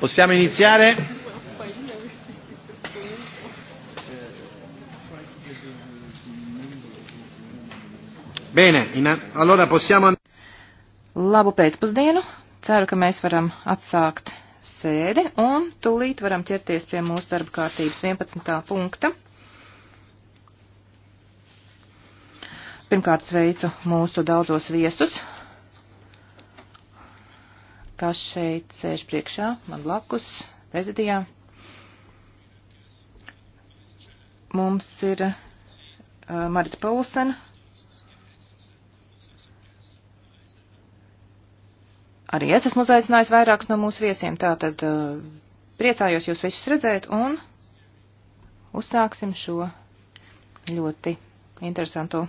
Possiamo iniziare? Bene, in, allora possiamo... Labu pēcpusdienu. Ceru, ka mēs varam atsākt sēdi un tūlīt varam ķerties pie mūsu darba kārtības 11. punkta. Pirmkārt sveicu mūsu daudzos viesus, kas šeit sēž priekšā, man blakus, prezidijā. Mums ir uh, Marita Paulsen, arī es esmu uzaicinājis vairākus no mūsu viesiem, tātad uh, priecājos jūs visus redzēt un uzsāksim šo ļoti interesantu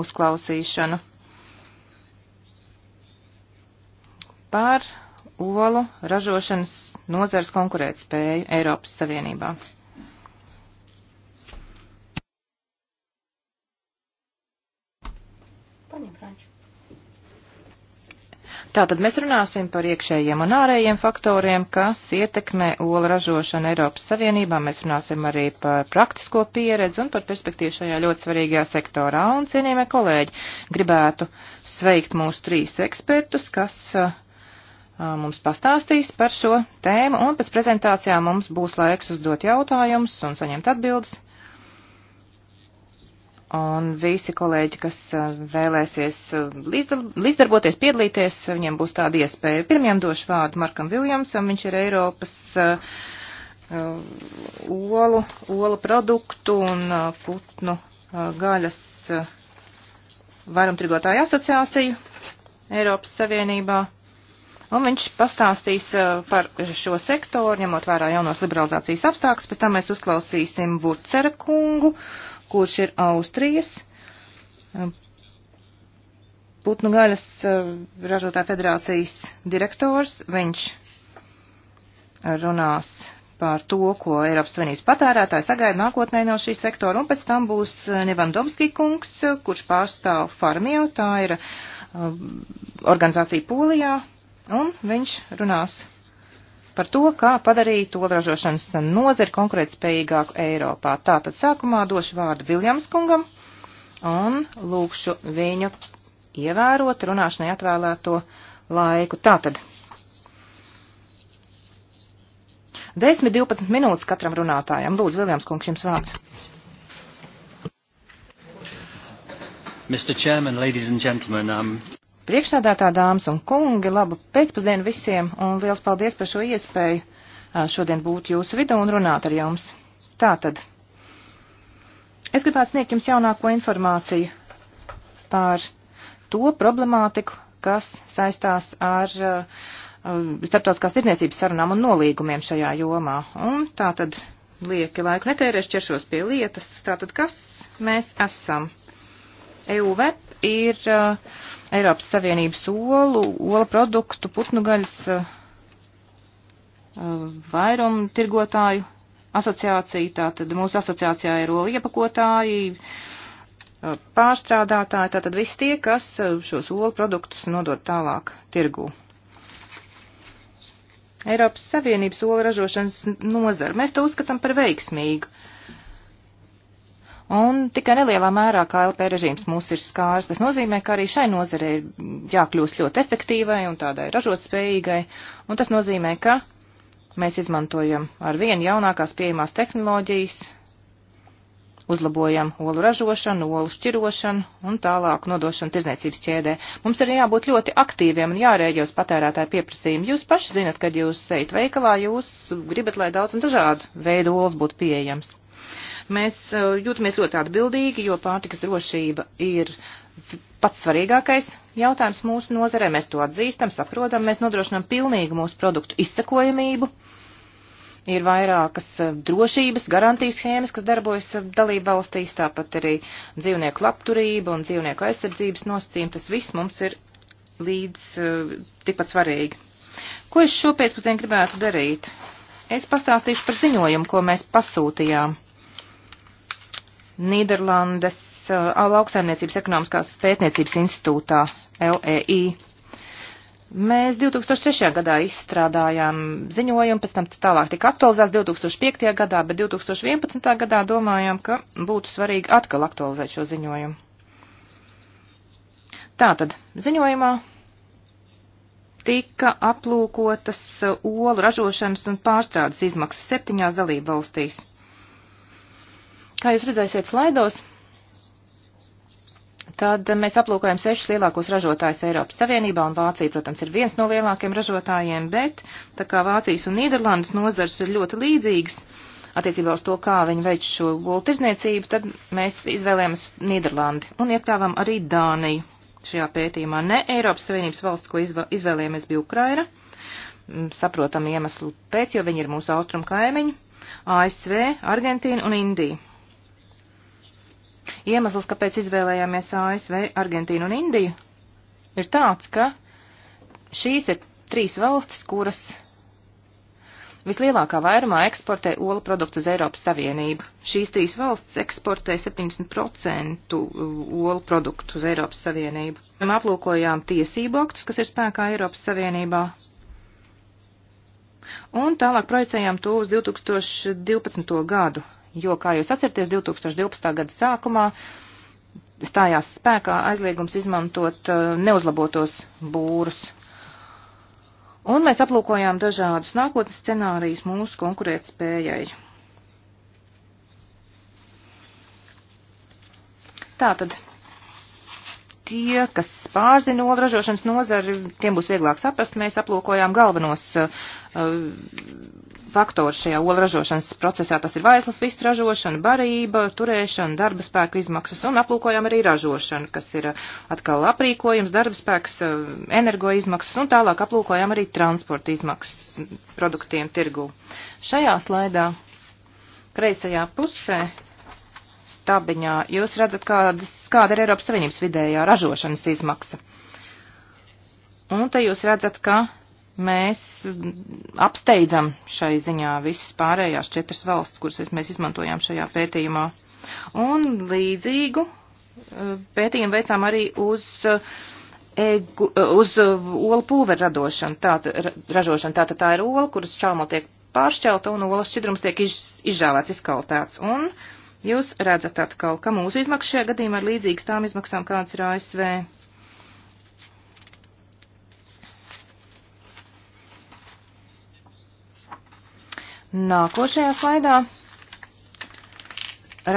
uzklausīšanu. par olu ražošanas nozars konkurētspēju Eiropas Savienībā. Tātad mēs runāsim par iekšējiem un ārējiem faktoriem, kas ietekmē olu ražošanu Eiropas Savienībā. Mēs runāsim arī par praktisko pieredzi un par perspektīvu šajā ļoti svarīgajā sektorā. Un, cienījamie kolēģi, gribētu sveikt mūsu trīs ekspertus, kas uh, mums pastāstīs par šo tēmu, un pēc prezentācijām mums būs laiks uzdot jautājumus un saņemt atbildes. Un visi kolēģi, kas vēlēsies līdzdarboties, piedalīties, viņiem būs tāda iespēja. Pirmajam došu vārdu Markam Viljamsam, viņš ir Eiropas uh, olu, olu produktu un uh, putnu uh, gaļas uh, vairumtirgotāju asociāciju Eiropas Savienībā. Un viņš pastāstīs par šo sektoru, ņemot vērā jaunos liberalizācijas apstākļus. Pēc tam mēs uzklausīsim Vurcera kungu, kurš ir Austrijas putnu gaļas ražotāja federācijas direktors. Viņš runās par to, ko Eiropas Savienības patērētāji sagaida nākotnē no šī sektora, un pēc tam būs Nevandovski kungs, kurš pārstāv Farmio, tā ir organizācija Polijā, Un viņš runās par to, kā padarīt olražošanas nozari konkurētspējīgāku Eiropā. Tātad sākumā došu vārdu Viljams kungam un lūkšu viņu ievērot runāšanai atvēlēto laiku. Tātad 10-12 minūtes katram runātājam. Lūdzu, Viljams kungs, jums vārds. Mr. Chairman, ladies and gentlemen, um priekšsādātā dāmas un kungi, labu pēcpusdienu visiem un liels paldies par šo iespēju šodien būt jūsu vidū un runāt ar jums. Tātad, es gribētu sniegt jums jaunāko informāciju par to problemātiku, kas saistās ar uh, starptautiskās tirniecības sarunām un nolīgumiem šajā jomā. Un tātad, lieki laiku netērēšu, ķeršos pie lietas. Tātad, kas mēs esam? EUVEP ir uh, Eiropas Savienības olu, olu produktu, putnu gaļas eh, vairumu tirgotāju asociācija. Tātad mūsu asociācijā ir olu iepakotāji, eh, pārstrādātāji, tātad visi tie, kas eh, šos olu produktus nodod tālāk tirgū. Eiropas Savienības olu ražošanas nozara. Mēs to uzskatām par veiksmīgu. Uh, un tikai nelielā mērā KLP režīms mūs ir skārs. Tas nozīmē, ka arī šai nozarei ir jākļūst ļoti efektīvai un tādai ražotspējīgai, un tas nozīmē, ka mēs izmantojam ar vien jaunākās pieejamās tehnoloģijas, uzlabojam olu ražošanu, olu šķirošanu un tālāk nodošanu tirzniecības ķēdē. Mums ir jābūt ļoti aktīviem un jārēģē uz patērētāju pieprasījumu. Jūs paši zinat, kad jūs ejat veikalā, jūs gribat, lai daudz un dažādu veidu olas būtu pieejams. Mēs eh, jūtamies ļoti atbildīgi, jo pārtikas drošība ir pats svarīgākais jautājums mūsu nozarē. Mēs to atzīstam, saprotam, mēs nodrošinām pilnīgu mūsu produktu izsakojamību. Ir vairākas eh, drošības garantijas schēmas, kas darbojas eh, dalību valstīs, tāpat arī dzīvnieku labturība un dzīvnieku aizsardzības nosacījumi. Tas viss mums ir līdz tikpat svarīgi. Ko es šopēcpusdien gribētu darīt? Es pastāstīšu par ziņojumu, ko mēs pasūtījām Nīderlandes uh, lauksaimniecības ekonomiskās pētniecības institūtā LEI. Mēs 2006. gadā izstrādājām ziņojumu, pēc tam tas tālāk tika aktualizēts 2005. gadā, bet 2011. gadā domājām, ka būtu svarīgi atkal aktualizēt šo ziņojumu. Tātad ziņojumā tika aplūkotas uh, olu ražošanas un pārstrādes izmaksas septiņās dalība valstīs. Kā jūs redzēsiet slaidos, tad mēs aplūkojam sešus lielākos ražotājus Eiropas Savienībā, un Vācija, protams, ir viens no lielākiem ražotājiem, bet tā kā Vācijas un Nīderlandes nozars ir ļoti līdzīgas attiecībā uz to, kā viņi veic šo olu tirzniecību, tad mēs izvēlējamies Nīderlandi un iekļāvām arī Dāniju šajā pētījumā. Ne Eiropas Savienības valsts, ko izvēlējāmies, bija Ukraina, mm, saprotami iemeslu pēc, jo viņi ir mūsu austrumu kaimiņi, ASV, Argentīna un Indija. Iemesls, kāpēc izvēlējāmies ASV, Argentīnu un Indiju, ir tāds, ka šīs ir trīs valstis, kuras vislielākā vairumā eksportē olu produktu uz Eiropas Savienību. Šīs trīs valsts eksportē 70% olu produktu uz Eiropas Savienību. Mēs aplūkojām tiesību aktus, kas ir spēkā Eiropas Savienībā. Un tālāk projicējām to uz 2012. gadu jo, kā jūs atcerties, 2012. gada sākumā stājās spēkā aizliegums izmantot uh, neuzlabotos būrus. Un mēs aplūkojām dažādus nākotnes scenārijus mūsu konkurētspējai. Tātad tie, kas pārzina olu ražošanas nozari, tiem būs vieglāk saprast. Mēs aplūkojām galvenos uh, faktors šajā olu ražošanas procesā. Tas ir vaislas vistu ražošana, barība, turēšana, darba spēku izmaksas un aplūkojām arī ražošanu, kas ir uh, atkal aprīkojums, darba spēks, uh, energo izmaksas un tālāk aplūkojām arī transporta izmaksas produktiem tirgu. Šajā slaidā kreisajā pusē tabiņā, jūs redzat, kādas, kāda ir Eiropas Savienības vidējā ražošanas izmaksa. Un te jūs redzat, ka mēs apsteidzam šai ziņā visas pārējās četras valsts, kuras mēs izmantojām šajā pētījumā. Un līdzīgu e, pētījumu veicām arī uz, e, egu, e, uz olu pulveru radošanu, tātad, ražošanu. Tātad tā ir ola, kuras čaumo tiek pāršķelta un olas šķidrums tiek iz, izžāvēts, izkaltēts. Un uh, Jūs redzat atkal, ka mūsu izmaksas šajā gadījumā ir līdzīgas tām izmaksām, kādas ir ASV. Nākošajā slaidā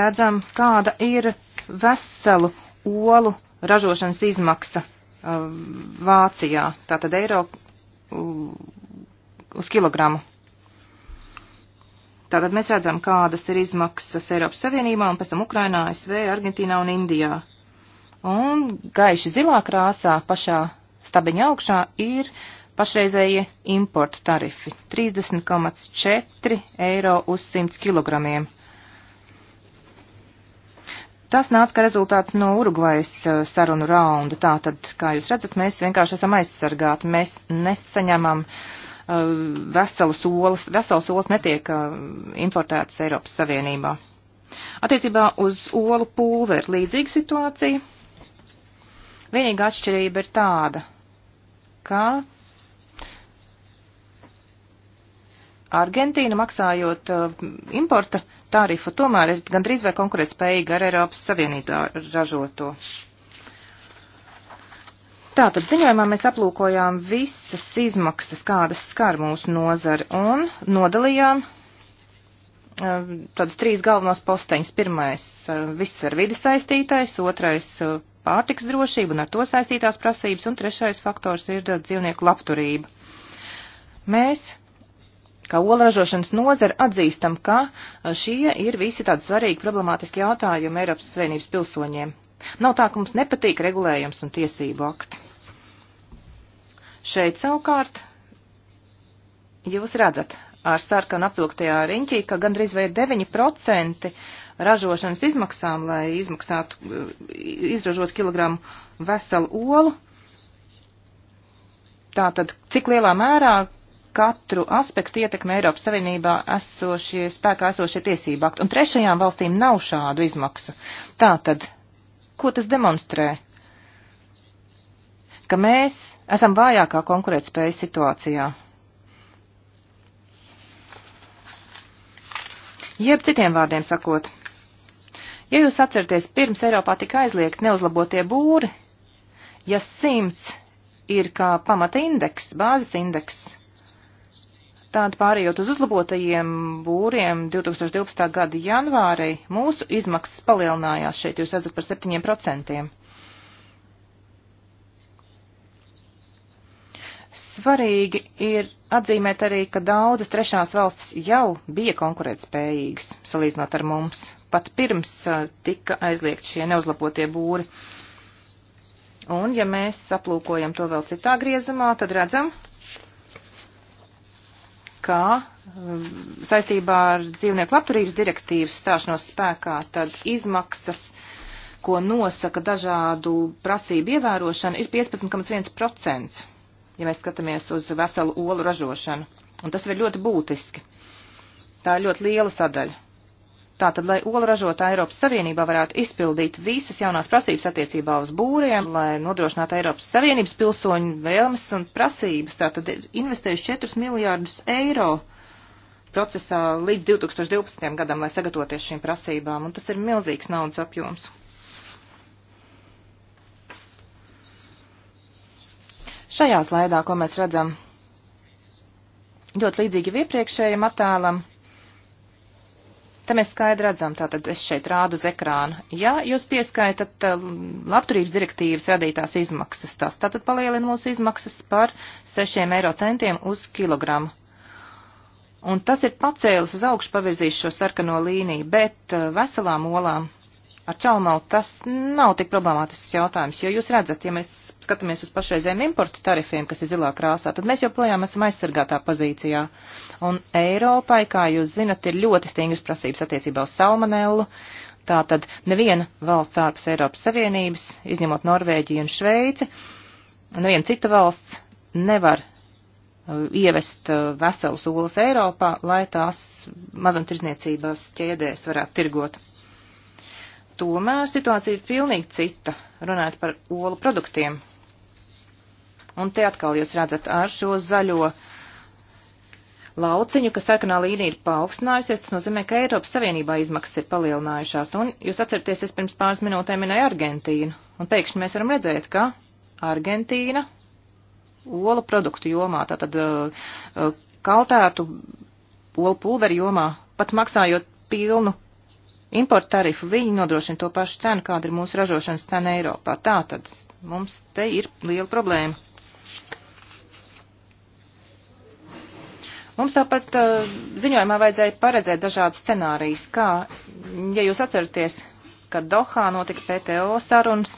redzam, kāda ir veselu olu ražošanas izmaksa um, Vācijā, tātad eiro uz kilogramu. Tātad mēs redzam, kādas ir izmaksas Eiropas Savienībā un pēc tam Ukrainā, SV, Argentīnā un Indijā. Un gaiši zilā krāsā pašā stabiņa augšā ir pašreizējie importa tarifi - 30,4 eiro uz 100 kilogramiem. Tas nāca kā rezultāts no Urugvajas uh, sarunu raunda. Tātad, kā jūs redzat, mēs vienkārši esam aizsargāti. Mēs nesaņemam uh, Eh, veselas olas, veselas olas netiek eh, importētas Eiropas Savienībā. Attiecībā uz olu pulveri ir līdzīga situācija. Vienīgā atšķirība ir tāda, ka Argentīna maksājot eh, importa tarifu tomēr ir gandrīz vai konkurētspējīga ar Eiropas Savienībā ražoto. Tātad ziņojumā mēs aplūkojām visas izmaksas, kādas skar mūsu nozari, un nodalījām eh, tādus trīs galvenos posteņus. Pirmais eh, - viss ar vidi saistītais, otrais eh, - pārtiks drošība un ar to saistītās prasības, un trešais faktors ir dzīvnieku labturība. Mēs, kā olražošanas nozara, atzīstam, ka šie ir visi tādi svarīgi problemātiski jautājumi Eiropas Savienības pilsoņiem. Nav tā, ka mums nepatīk regulējums un tiesību akti. Šeit savukārt jūs redzat ar sarkanu apvilktajā riņķī, ka gandrīz vai 9% ražošanas izmaksām, lai izmaksātu, eh, izražot kilogramu veselu olu. Tātad, cik lielā mērā katru aspektu ietekmē Eiropas Savienībā esošie, spēkā esošie tiesību akti. Un trešajām valstīm nav šādu izmaksu. Tātad Ko tas demonstrē? Ka mēs esam vājākā konkurētspējas situācijā. Jeb citiem vārdiem sakot, ja jūs atceraties, pirms Eiropā tika aizliegt neuzlabotie būri, ja simts ir kā pamata indeks, bāzes indeks, Tātad pārējot uz uzlabotajiem būriem 2012. gada janvārī, mūsu izmaksas palielinājās šeit, jūs redzat, par 7%. Svarīgi ir atzīmēt arī, ka daudzas trešās valstis jau bija konkurētspējīgas, salīdzinot ar mums, pat pirms tika aizliegt šie neuzlabotie būri. Un, ja mēs aplūkojam to vēl citā griezumā, tad redzam, ka um, saistībā ar dzīvnieku labturības direktīvas stāšanos spēkā, tad izmaksas, ko nosaka dažādu prasību ievērošana, ir 15,1%, ja mēs skatāmies uz veselu olu ražošanu. Un tas ir ļoti būtiski. Tā ir ļoti liela sadaļa. Tātad, lai olu ražotāji Eiropas Savienībā varētu izpildīt visas jaunās prasības attiecībā uz būriem, lai nodrošinātu Eiropas Savienības pilsoņu vēlmes un prasības, tātad ir investējuši 4 miljārdus eiro procesā līdz 2012. gadam, lai sagatavoties šīm prasībām, un tas ir milzīgs naudas apjoms. Šajā slaidā, ko mēs redzam, ļoti līdzīgi iepriekšējiem attēlam Te mēs skaidri redzam, tātad es šeit rādu uz ekrāna. Ja jūs pieskaitat eh, labturības direktīvas radītās izmaksas, tas tātad palielina mūsu izmaksas par 6 eiro centiem uz kilogramu. Un tas ir pacēlis uz augšu pavirzījis šo sarkano līniju, bet eh, veselām olām ar Čalmalu tas nav tik problemātisks jautājums, jo jūs redzat, ja mēs skatāmies uz pašreizējiem importu tarifiem, kas ir zilā krāsā, tad mēs joprojām esam aizsargātā pozīcijā. Un Eiropai, kā jūs zinat, ir ļoti stingras prasības attiecībā uz salmonellu. Tātad neviena valsts ārpus Eiropas Savienības, izņemot Norvēģiju un Šveici, neviena cita valsts nevar uh, ievest uh, veselas olas Eiropā, lai tās mazumtirdzniecībās ķēdēs varētu tirgot tomēr situācija ir pilnīgi cita, runājot par olu produktiem. Un te atkal jūs redzat ar šo zaļo lauciņu, ka sarkanā līnija ir paaugstinājusies, tas nozīmē, ka Eiropas Savienībā izmaksas ir palielinājušās. Un jūs atcerieties, es pirms pāris minūtēm minēju Argentīnu, un pēkšņi mēs varam redzēt, ka Argentīna olu produktu jomā, tātad uh, uh kaltētu olu pulveri jomā, pat maksājot pilnu importu tarifu, viņi nodrošina to pašu cenu, kāda ir mūsu ražošanas cena Eiropā. Tā tad mums te ir liela problēma. Mums tāpat uh, ziņojumā vajadzēja paredzēt dažādus scenārijus, kā, ja jūs atceraties, kad Dohā notika PTO sarunas,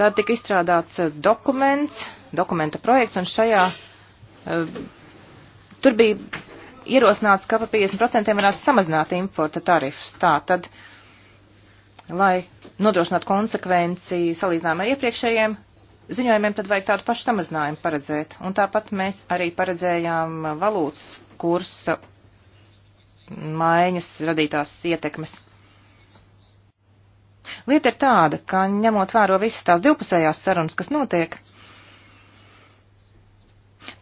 tad tika izstrādāts uh, dokuments, dokumenta projekts, un šajā uh, tur bija ierosināts, ka pa 50% varētu samazināt importa tarifus. Tā tad, lai nodrošinātu konsekvenci salīdzinām ar iepriekšējiem ziņojumiem, tad vajag tādu pašu samazinājumu paredzēt. Un tāpat mēs arī paredzējām valūtas kursa maiņas radītās ietekmes. Lieta ir tāda, ka ņemot vēro visas tās divpusējās sarunas, kas notiek,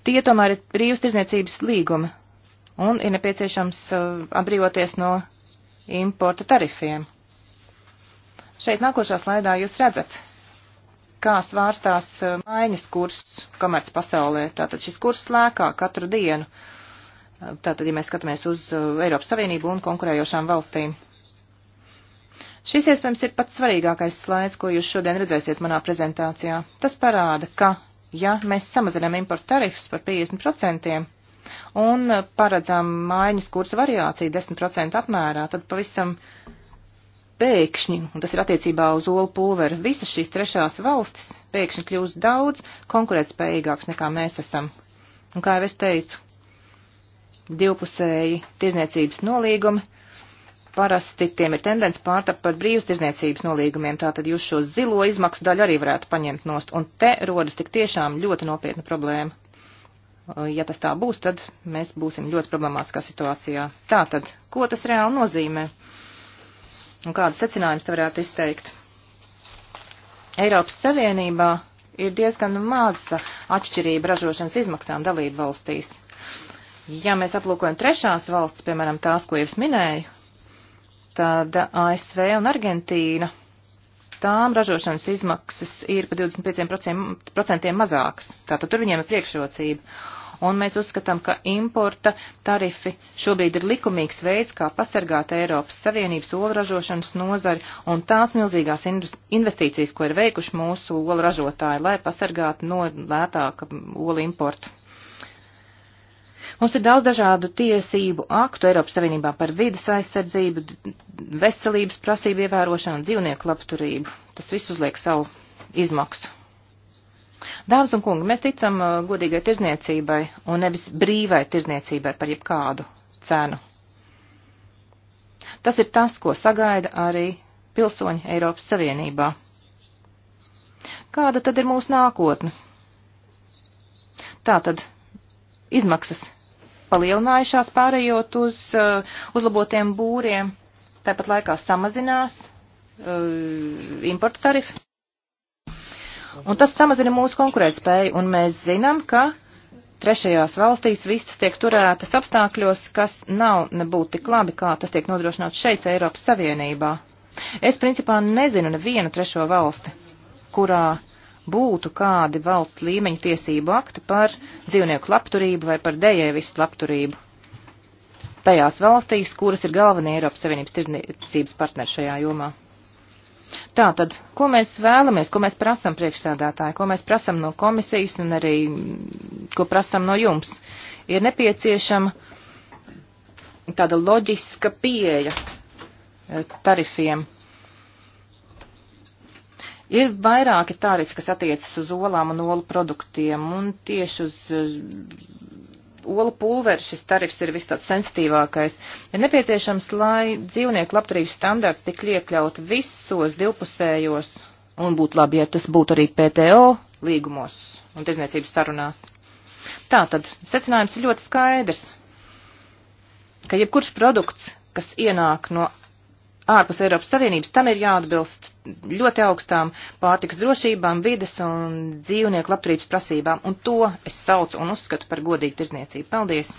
tie tomēr ir brīvas tirzniecības līgumi, un ir nepieciešams uh, atbrīvoties no importa tarifiem. Šeit nākošā slaidā jūs redzat, kā svārstās uh, maiņas kurs komerc pasaulē. Tātad šis kurs lēkā katru dienu. Uh, tātad, ja mēs skatāmies uz Eiropas Savienību un konkurējošām valstīm. Šis, iespējams, ir pats svarīgākais slaids, ko jūs šodien redzēsiet manā prezentācijā. Tas parāda, ka, ja mēs samazinām importu tarifus par 50%, un paredzam maiņas kursa variāciju 10% apmērā, tad pavisam pēkšņi, un tas ir attiecībā uz olu pulveru, visas šīs trešās valstis pēkšņi kļūst daudz konkurētspējīgāks nekā mēs esam. Un kā jau es teicu, divpusēji tirzniecības nolīgumi, parasti tiem ir tendence pārtapt par brīvas tirzniecības nolīgumiem, tātad jūs šo zilo izmaksu daļu arī varētu paņemt nost, un te rodas tik tiešām ļoti nopietna problēma. Uh, ja tas tā būs, tad mēs būsim ļoti problemātiskā situācijā. Tātad, ko tas reāli nozīmē? Un kādas secinājumus te varētu izteikt? Eiropas Savienībā ir diezgan maza atšķirība ražošanas izmaksām dalību valstīs. Ja mēs aplūkojam trešās valsts, piemēram, tās, ko jau es minēju, tad ASV un Argentīna tām ražošanas izmaksas ir pa 25% mazākas. Tātad tur viņiem ir priekšrocība. Un mēs uzskatām, ka importa tarifi šobrīd ir likumīgs veids, kā pasargāt Eiropas Savienības olražošanas nozari un tās milzīgās investīcijas, ko ir veikuši mūsu olražotāji, lai pasargātu no lētāka olu importu. Mums ir daudz dažādu tiesību aktu Eiropas Savienībā par vidas aizsardzību, veselības prasību ievērošanu, dzīvnieku labturību. Tas viss uzliek savu izmaksu. Dāmas un kungi, mēs ticam uh, godīgai tirzniecībai un nevis brīvai tirzniecībai par jebkādu cenu. Tas ir tas, ko sagaida arī pilsoņi Eiropas Savienībā. Kāda tad ir mūsu nākotne? Tātad izmaksas palielinājušās pārējot uz uh, uzlabotiem būriem, tāpat laikā samazinās uh, importu tarifi. Un tas samazina mūsu konkurētspēju, un mēs zinām, ka trešajās valstīs vistas tiek turētas apstākļos, kas nav nebūt tik labi, kā tas tiek nodrošināts šeit, Eiropas Savienībā. Es principā nezinu nevienu trešo valsti, kurā būtu kādi valsts līmeņa tiesību akti par dzīvnieku labturību vai par dējēvistu labturību tajās valstīs, kuras ir galvenie Eiropas Savienības tirdzniecības partneri šajā jomā. Tātad, ko mēs vēlamies, ko mēs prasam priekšsēdētāji, ko mēs prasam no komisijas un arī mm, ko prasam no jums, ir nepieciešama tāda loģiska pieeja eh, tarifiem Ir vairāki tarifi, kas attiecas uz olām un olu produktiem, un tieši uz eh, olu pulveri šis tarifs ir viss tāds sensitīvākais. Ir nepieciešams, lai dzīvnieku labturības standarti tik iekļaut visos divpusējos, un būtu labi, ja tas būtu arī PTO līgumos un tirzniecības sarunās. Tātad, secinājums ir ļoti skaidrs, ka jebkurš produkts, kas ienāk no ārpus Eiropas Savienības, tam ir jāatbilst ļoti augstām pārtiks drošībām, vides un dzīvnieku labturības prasībām, un to es saucu un uzskatu par godīgu tirzniecību. Paldies!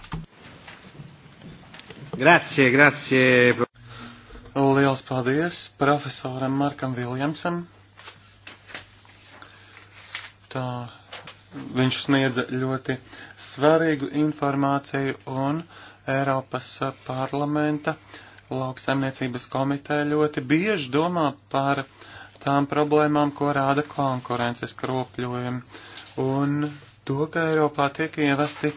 Grazie, grazie! Liels paldies profesoram Markam Viljamsam. Tā viņš sniedza ļoti svarīgu informāciju un Eiropas eh, parlamenta uh, lauksaimniecības komiteja ļoti bieži domā par tām problēmām, ko rāda konkurences kropļojumi, un to, ka Eiropā tiek ievesti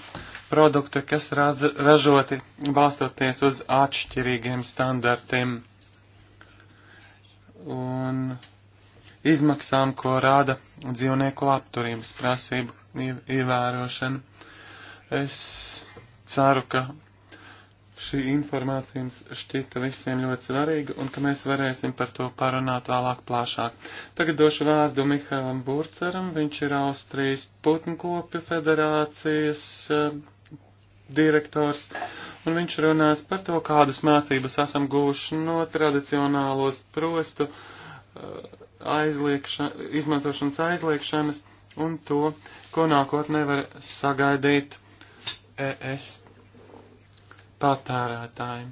produkti, kas raz, ražoti balstoties uz atšķirīgiem standartiem un izmaksām, ko rāda dzīvnieku labturības prasību ievērošana. Es ceru, ka šī informācija mums šķita visiem ļoti svarīga un ka mēs varēsim par to parunāt vēlāk plašāk. Tagad došu vārdu Mihailam Burceram, viņš ir Austrijas putnkopju federācijas uh, direktors, un viņš runās par to, kādas mācības esam guvuši no tradicionālos prostu uh, aizliekša, izmantošanas aizliekšanas un to, ko nākotnē var sagaidīt ES patērētājiem.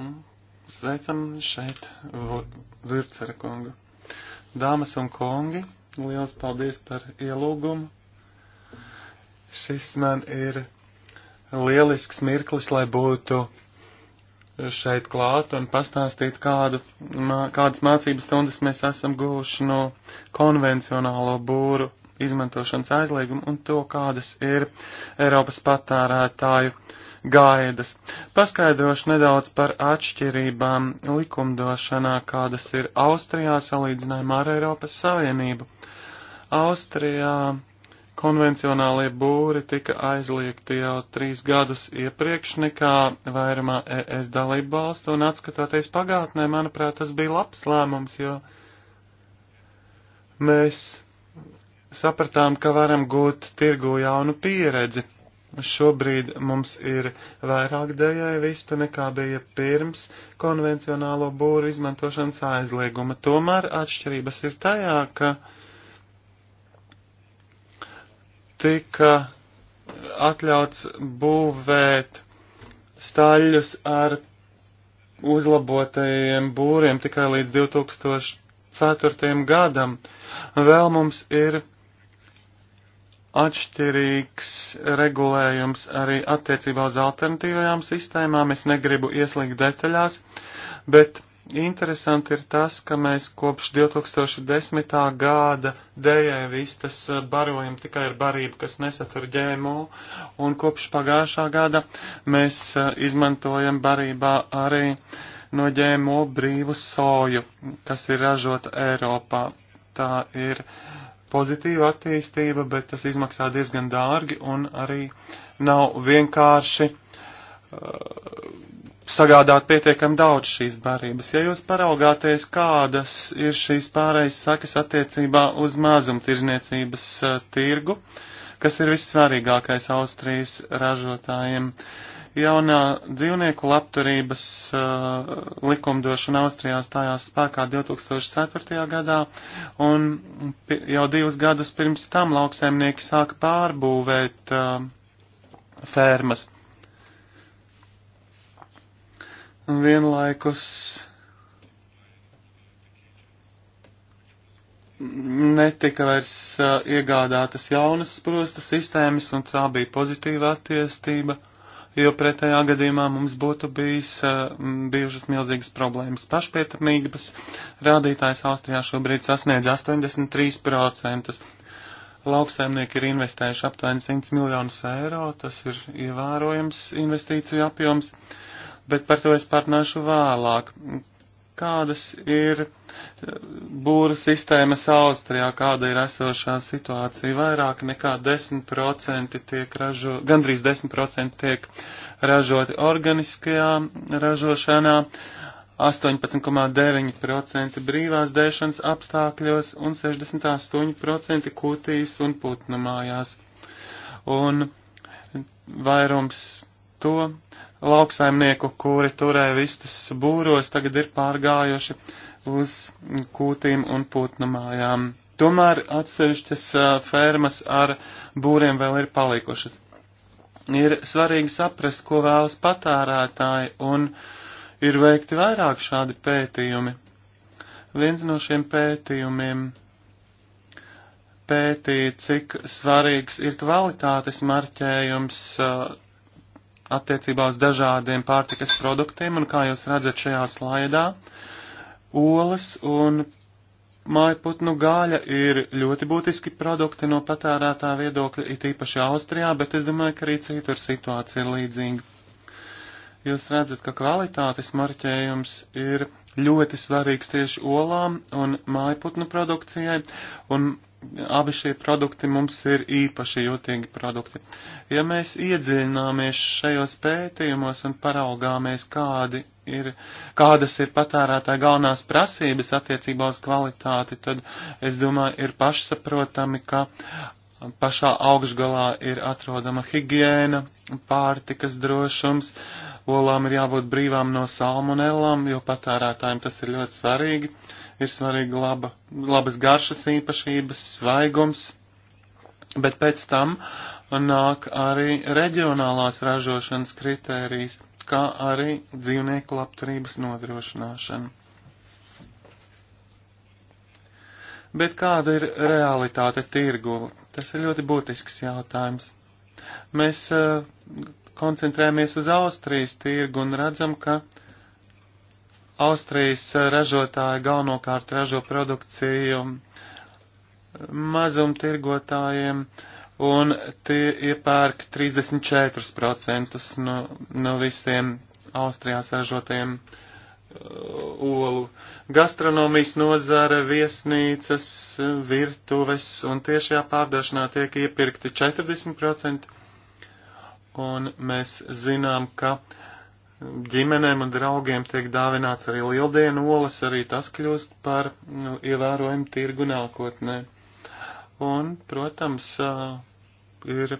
Mm. Sveicam šeit Vircera kungu. Dāmas un kungi, liels paldies par ielūgumu. Šis man ir lielisks mirklis, lai būtu šeit klāt un pastāstīt, kādu, mā, kādas mācības stundas mēs esam guvuši no konvencionālo būru izmantošanas aizliegumu un to, kādas ir Eiropas patērētāju gaidas. Paskaidrošu nedaudz par atšķirībām likumdošanā, kādas ir Austrijā salīdzinājumā ar Eiropas Savienību. Austrijā konvencionālie būri tika aizliegti jau trīs gadus iepriekš nekā vairumā ES dalību valstu, un atskatoties pagātnē, manuprāt, tas bija labs lēmums, jo mēs sapratām, ka varam gūt tirgu jaunu pieredzi. Šobrīd mums ir vairāk dējai vista nekā bija pirms konvencionālo būru izmantošanas aizlieguma. Tomēr atšķirības ir tajā, ka tika atļauts būvēt staļļus ar uzlabotajiem būriem tikai līdz 2004. gadam. Vēl mums ir atšķirīgs regulējums arī attiecībā uz alternatīvajām sistēmām. Es negribu ieslīgt detaļās, bet interesanti ir tas, ka mēs kopš 2010. gada dējai vistas eh, barojam tikai ar barību, kas nesatur ģēmo, un kopš pagājušā gada mēs eh, izmantojam barībā arī no ģēmo brīvu soju, kas ir ražota Eiropā. Tā ir uh, pozitīva attīstība, bet tas izmaksā diezgan dārgi un arī nav vienkārši uh, sagādāt pietiekam daudz šīs barības. Ja jūs paraugāties, kādas ir šīs pārējas sakas attiecībā uz mazumtirzniecības uh, tirgu, kas ir vissvarīgākais Austrijas ražotājiem, uh, Jaunā dzīvnieku labturības uh, likumdošana Austrijā stājās spēkā 2004. gadā, un jau divus gadus pirms tam lauksēmnieki sāka pārbūvēt uh, fermas. Vienlaikus netika vairs uh, iegādātas jaunas sprosta sistēmas, un tā bija pozitīva attiestība jo pretējā gadījumā mums būtu bijis uh, bijušas milzīgas problēmas. Pašpietamības rādītājs Austrijā šobrīd sasniedz 83%. Lauksaimnieki ir investējuši aptuveni 100 miljonus eiro, tas ir ievērojams investīciju apjoms, bet par to es pārnāšu vēlāk. Kādas ir būra sistēmas Austrijā, kāda ir esošā situācija. Vairāk nekā 10% tiek ražo, gandrīz 10% tiek ražoti organiskajā ražošanā, 18,9% brīvās dēšanas apstākļos un 68% kūtīs un putnamājās. Un vairums to lauksaimnieku, kuri turē vistas būros, tagad ir pārgājuši uz kūtīm un putnu mājām. Tomēr atsevišķas fermas ar būriem vēl ir palikušas. Ir svarīgi saprast, ko vēlas patērētāji, un ir veikti vairāk šādi pētījumi. Viens no šiem pētījumiem pētīja, cik svarīgs ir kvalitātes marķējums attiecībā uz dažādiem pārtikas produktiem, un kā jūs redzat šajā slaidā, uh, Olas un mājputnu gāļa ir ļoti būtiski produkti no patērētā viedokļa, it īpaši Austrijā, bet es domāju, ka arī citur situācija ir līdzīga. Jūs redzat, ka kvalitātes marķējums ir ļoti svarīgs tieši olām un mājputnu produkcijai, un abi šie produkti mums ir īpaši jūtīgi produkti. Ja mēs iedziļināmies šajos pētījumos un paraugāmies, kādi ir, kādas ir patērētāja galvenās prasības attiecībā uz kvalitāti, tad es domāju, ir pašsaprotami, ka pašā augšgalā ir atrodama higiēna, pārtikas drošums, olām ir jābūt brīvām no salmonellām, jo patērētājiem tas ir ļoti svarīgi. Ir svarīgi laba, labas garšas īpašības, svaigums, bet pēc tam nāk arī reģionālās ražošanas kritērijas kā arī dzīvnieku labturības nodrošināšanu. Bet kāda ir realitāte tirgu? Tas ir ļoti būtisks jautājums. Mēs uh, koncentrējamies uz Austrijas tirgu un redzam, ka Austrijas ražotāji galvenokārt ražo produkciju mazumtirgotājiem, uh, un tie iepērk 34% no, no visiem Austrijā saražotajiem uh, olu. Gastronomijas nozara, viesnīcas, virtuves un tiešajā pārdošanā tiek iepirkti 40%, un mēs zinām, ka ģimenēm un draugiem tiek dāvināts arī lieldienu olas, arī tas kļūst par nu, ievērojumu tirgu nākotnē. Un, protams, uh, ir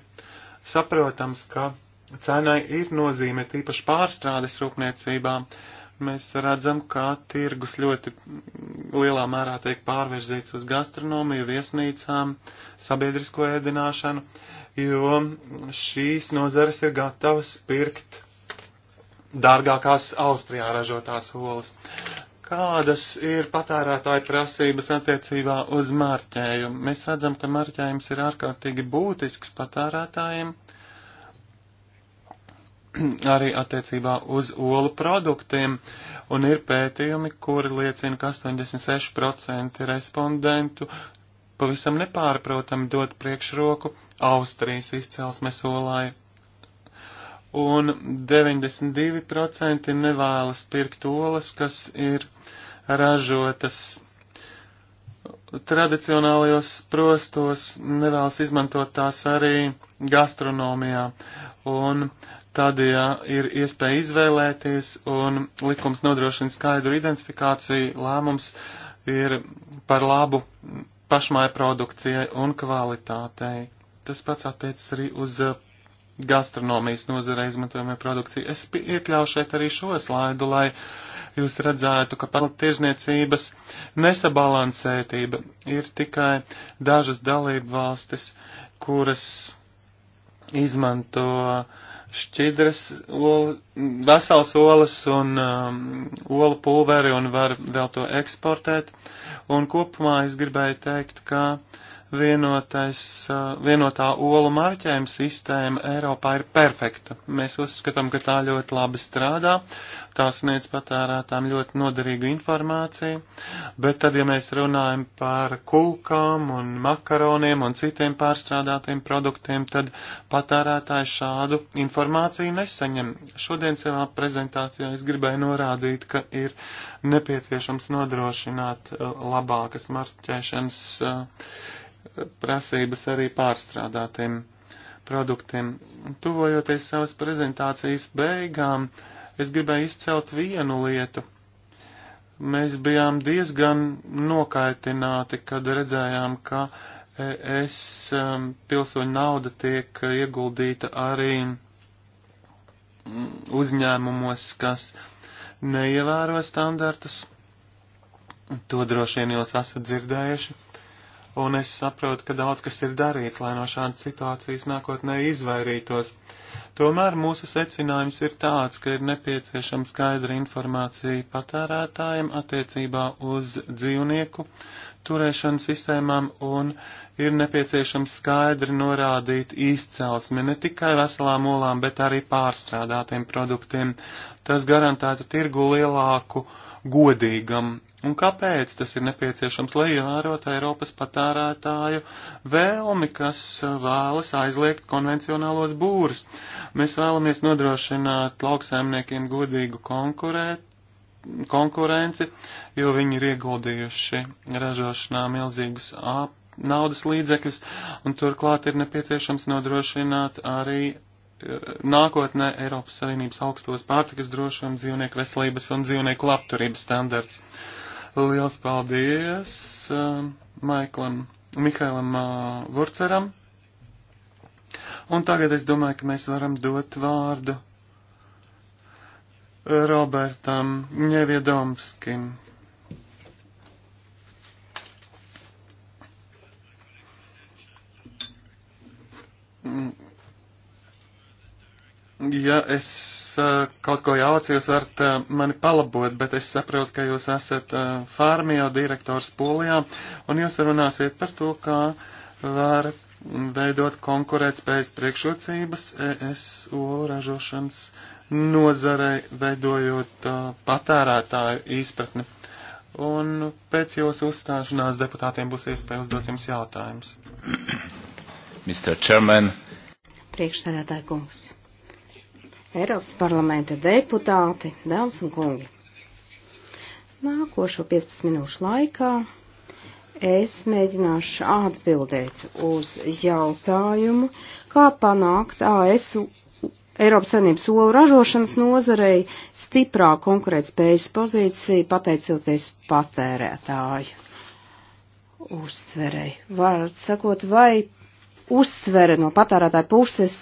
saprotams, ka cenai ir nozīme tīpaši pārstrādes rūpniecībā. Mēs redzam, ka tirgus ļoti lielā mērā tiek pārvirzīts uz gastronomiju, viesnīcām, sabiedrisko ēdināšanu, jo šīs nozares ir gatavas pirkt dārgākās Austrijā ražotās olas. Uh, Kādas ir patērētāja prasības attiecībā uz marķējumu? Mēs redzam, ka marķējums ir ārkārtīgi būtisks patērētājiem arī attiecībā uz olu produktiem, un ir pētījumi, kuri liecina, ka 86% respondentu pavisam nepārprotami dod priekšroku Austrijas izcelsmes olai un 92% nevēlas pirkt olas, kas ir ražotas tradicionālajos prostos, nevēlas izmantot tās arī gastronomijā. Un tad, ja ir iespēja izvēlēties un likums nodrošina skaidru identifikāciju, lēmums ir par labu pašmai produkcijai un kvalitātei. Tas pats attiecas arī uz uh, gastronomijas nozarē izmantojamie produkciju. Es iekļaušu šeit arī šo slaidu, lai uh, jūs redzētu, ka pat tirzniecības nesabalansētība ir tikai dažas dalību valstis, kuras izmanto šķidras ol, vesels olas un um, olu pulveri un var vēl to eksportēt. Un kopumā es gribēju teikt, ka uh, Vienotais, vienotā olu marķējuma sistēma Eiropā ir perfekta. Mēs uzskatām, ka tā ļoti labi strādā, tā sniedz patērētām ļoti noderīgu informāciju, bet tad, ja mēs runājam par kūkām un makaroniem un citiem pārstrādātiem produktiem, tad patērētāji šādu informāciju nesaņem. Šodien savā prezentācijā es gribēju norādīt, ka ir nepieciešams nodrošināt labākas marķēšanas uh, prasības arī pārstrādātiem produktiem. Tuvojoties savas prezentācijas beigām, es gribēju izcelt vienu lietu. Mēs bijām diezgan nokaitināti, kad redzējām, ka es um, pilsoņu nauda tiek ieguldīta arī mm, uzņēmumos, kas neievēro standartus. To droši vien jūs esat dzirdējuši un es saprotu, ka daudz kas ir darīts, lai no šādas situācijas nākotnē izvairītos. Tomēr mūsu secinājums ir tāds, ka ir nepieciešama skaidra informācija patērētājiem attiecībā uz dzīvnieku turēšanas sistēmām un ir nepieciešams skaidri norādīt izcelsmi ne tikai veselām olām, bet arī pārstrādātiem produktiem. Tas garantētu tirgu lielāku godīgam Un kāpēc tas ir nepieciešams, lai ievērotu Eiropas patērētāju vēlmi, kas uh, vēlas aizliegt konvencionālos būrus? Mēs vēlamies nodrošināt lauksaimniekiem godīgu konkurēt, konkurenci, jo viņi ir ieguldījuši ražošanā milzīgus ap, naudas līdzekļus, un turklāt ir nepieciešams nodrošināt arī uh, nākotnē Eiropas Savienības augstos pārtikas drošumu, dzīvnieku veselības un dzīvnieku labturības standarts. Uh, Liels paldies uh, Maiklam, Mihailam uh, Vurceram. Un tagad es domāju, ka mēs varam dot vārdu Robertam Ņeviedomskim. Mm ja es kaut ko jaucu, jūs varat mani palabot, bet es saprotu, ka jūs esat farmio direktors Polijā, un jūs runāsiet par to, kā var veidot konkurētspējas priekšrocības ES olu ražošanas nozarei, veidojot patērētāju izpratni. Un pēc jūsu uzstāšanās deputātiem būs iespēja uzdot jums jautājumus. Mr. Chairman. Priekšsēdētāji kungs. Eiropas parlamenta deputāti, dāmas un kungi. Nākošo 15 minūšu laikā es mēģināšu atbildēt uz jautājumu, kā panākt AS Eiropas saimnības olu ražošanas nozarei stiprā konkurētspējas pozīcija pateicoties patērētāju uztverei. Varat sakot, vai uztvere no patērētāja puses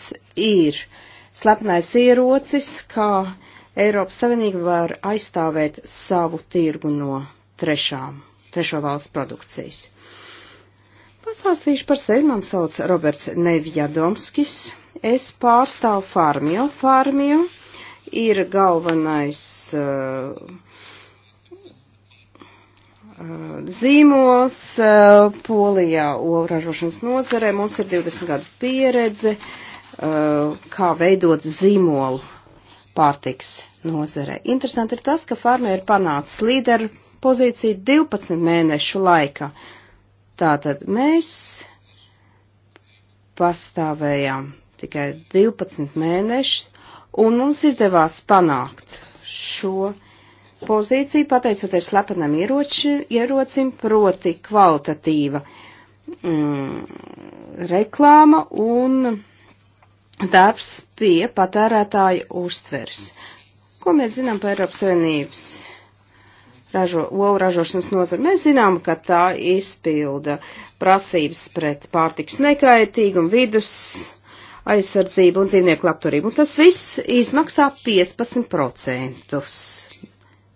ir uh, slepnais ierocis, kā Eiropas Savienība var aizstāvēt savu tirgu no trešām, trešo valsts produkcijas. Pastāstīšu par sevi, man sauc Roberts Nevjadomskis, es pārstāvu Farmio. Farmio ir galvenais uh, uh zīmols uh, Polijā ražošanas nozarē. Mums ir 20 gadu pieredze. Uh, Uh, kā veidot zīmolu pārtiks nozare. Interesanti ir tas, ka farmē ir panācis līderu pozīciju 12 mēnešu laikā. Tātad mēs pastāvējām tikai 12 mēnešus, un mums izdevās panākt šo pozīciju, pateicoties slepenam ieroči, ierocim, proti kvalitatīva mm, reklāma un darbs pie patērētāju uztveres. Ko mēs zinām par Eiropas Savienības ražo, olu ražošanas nozari? Mēs zinām, ka tā izpilda prasības pret pārtiks nekaitīgumu, vidus aizsardzību un dzīvnieku labturību. Un tas viss izmaksā 15% no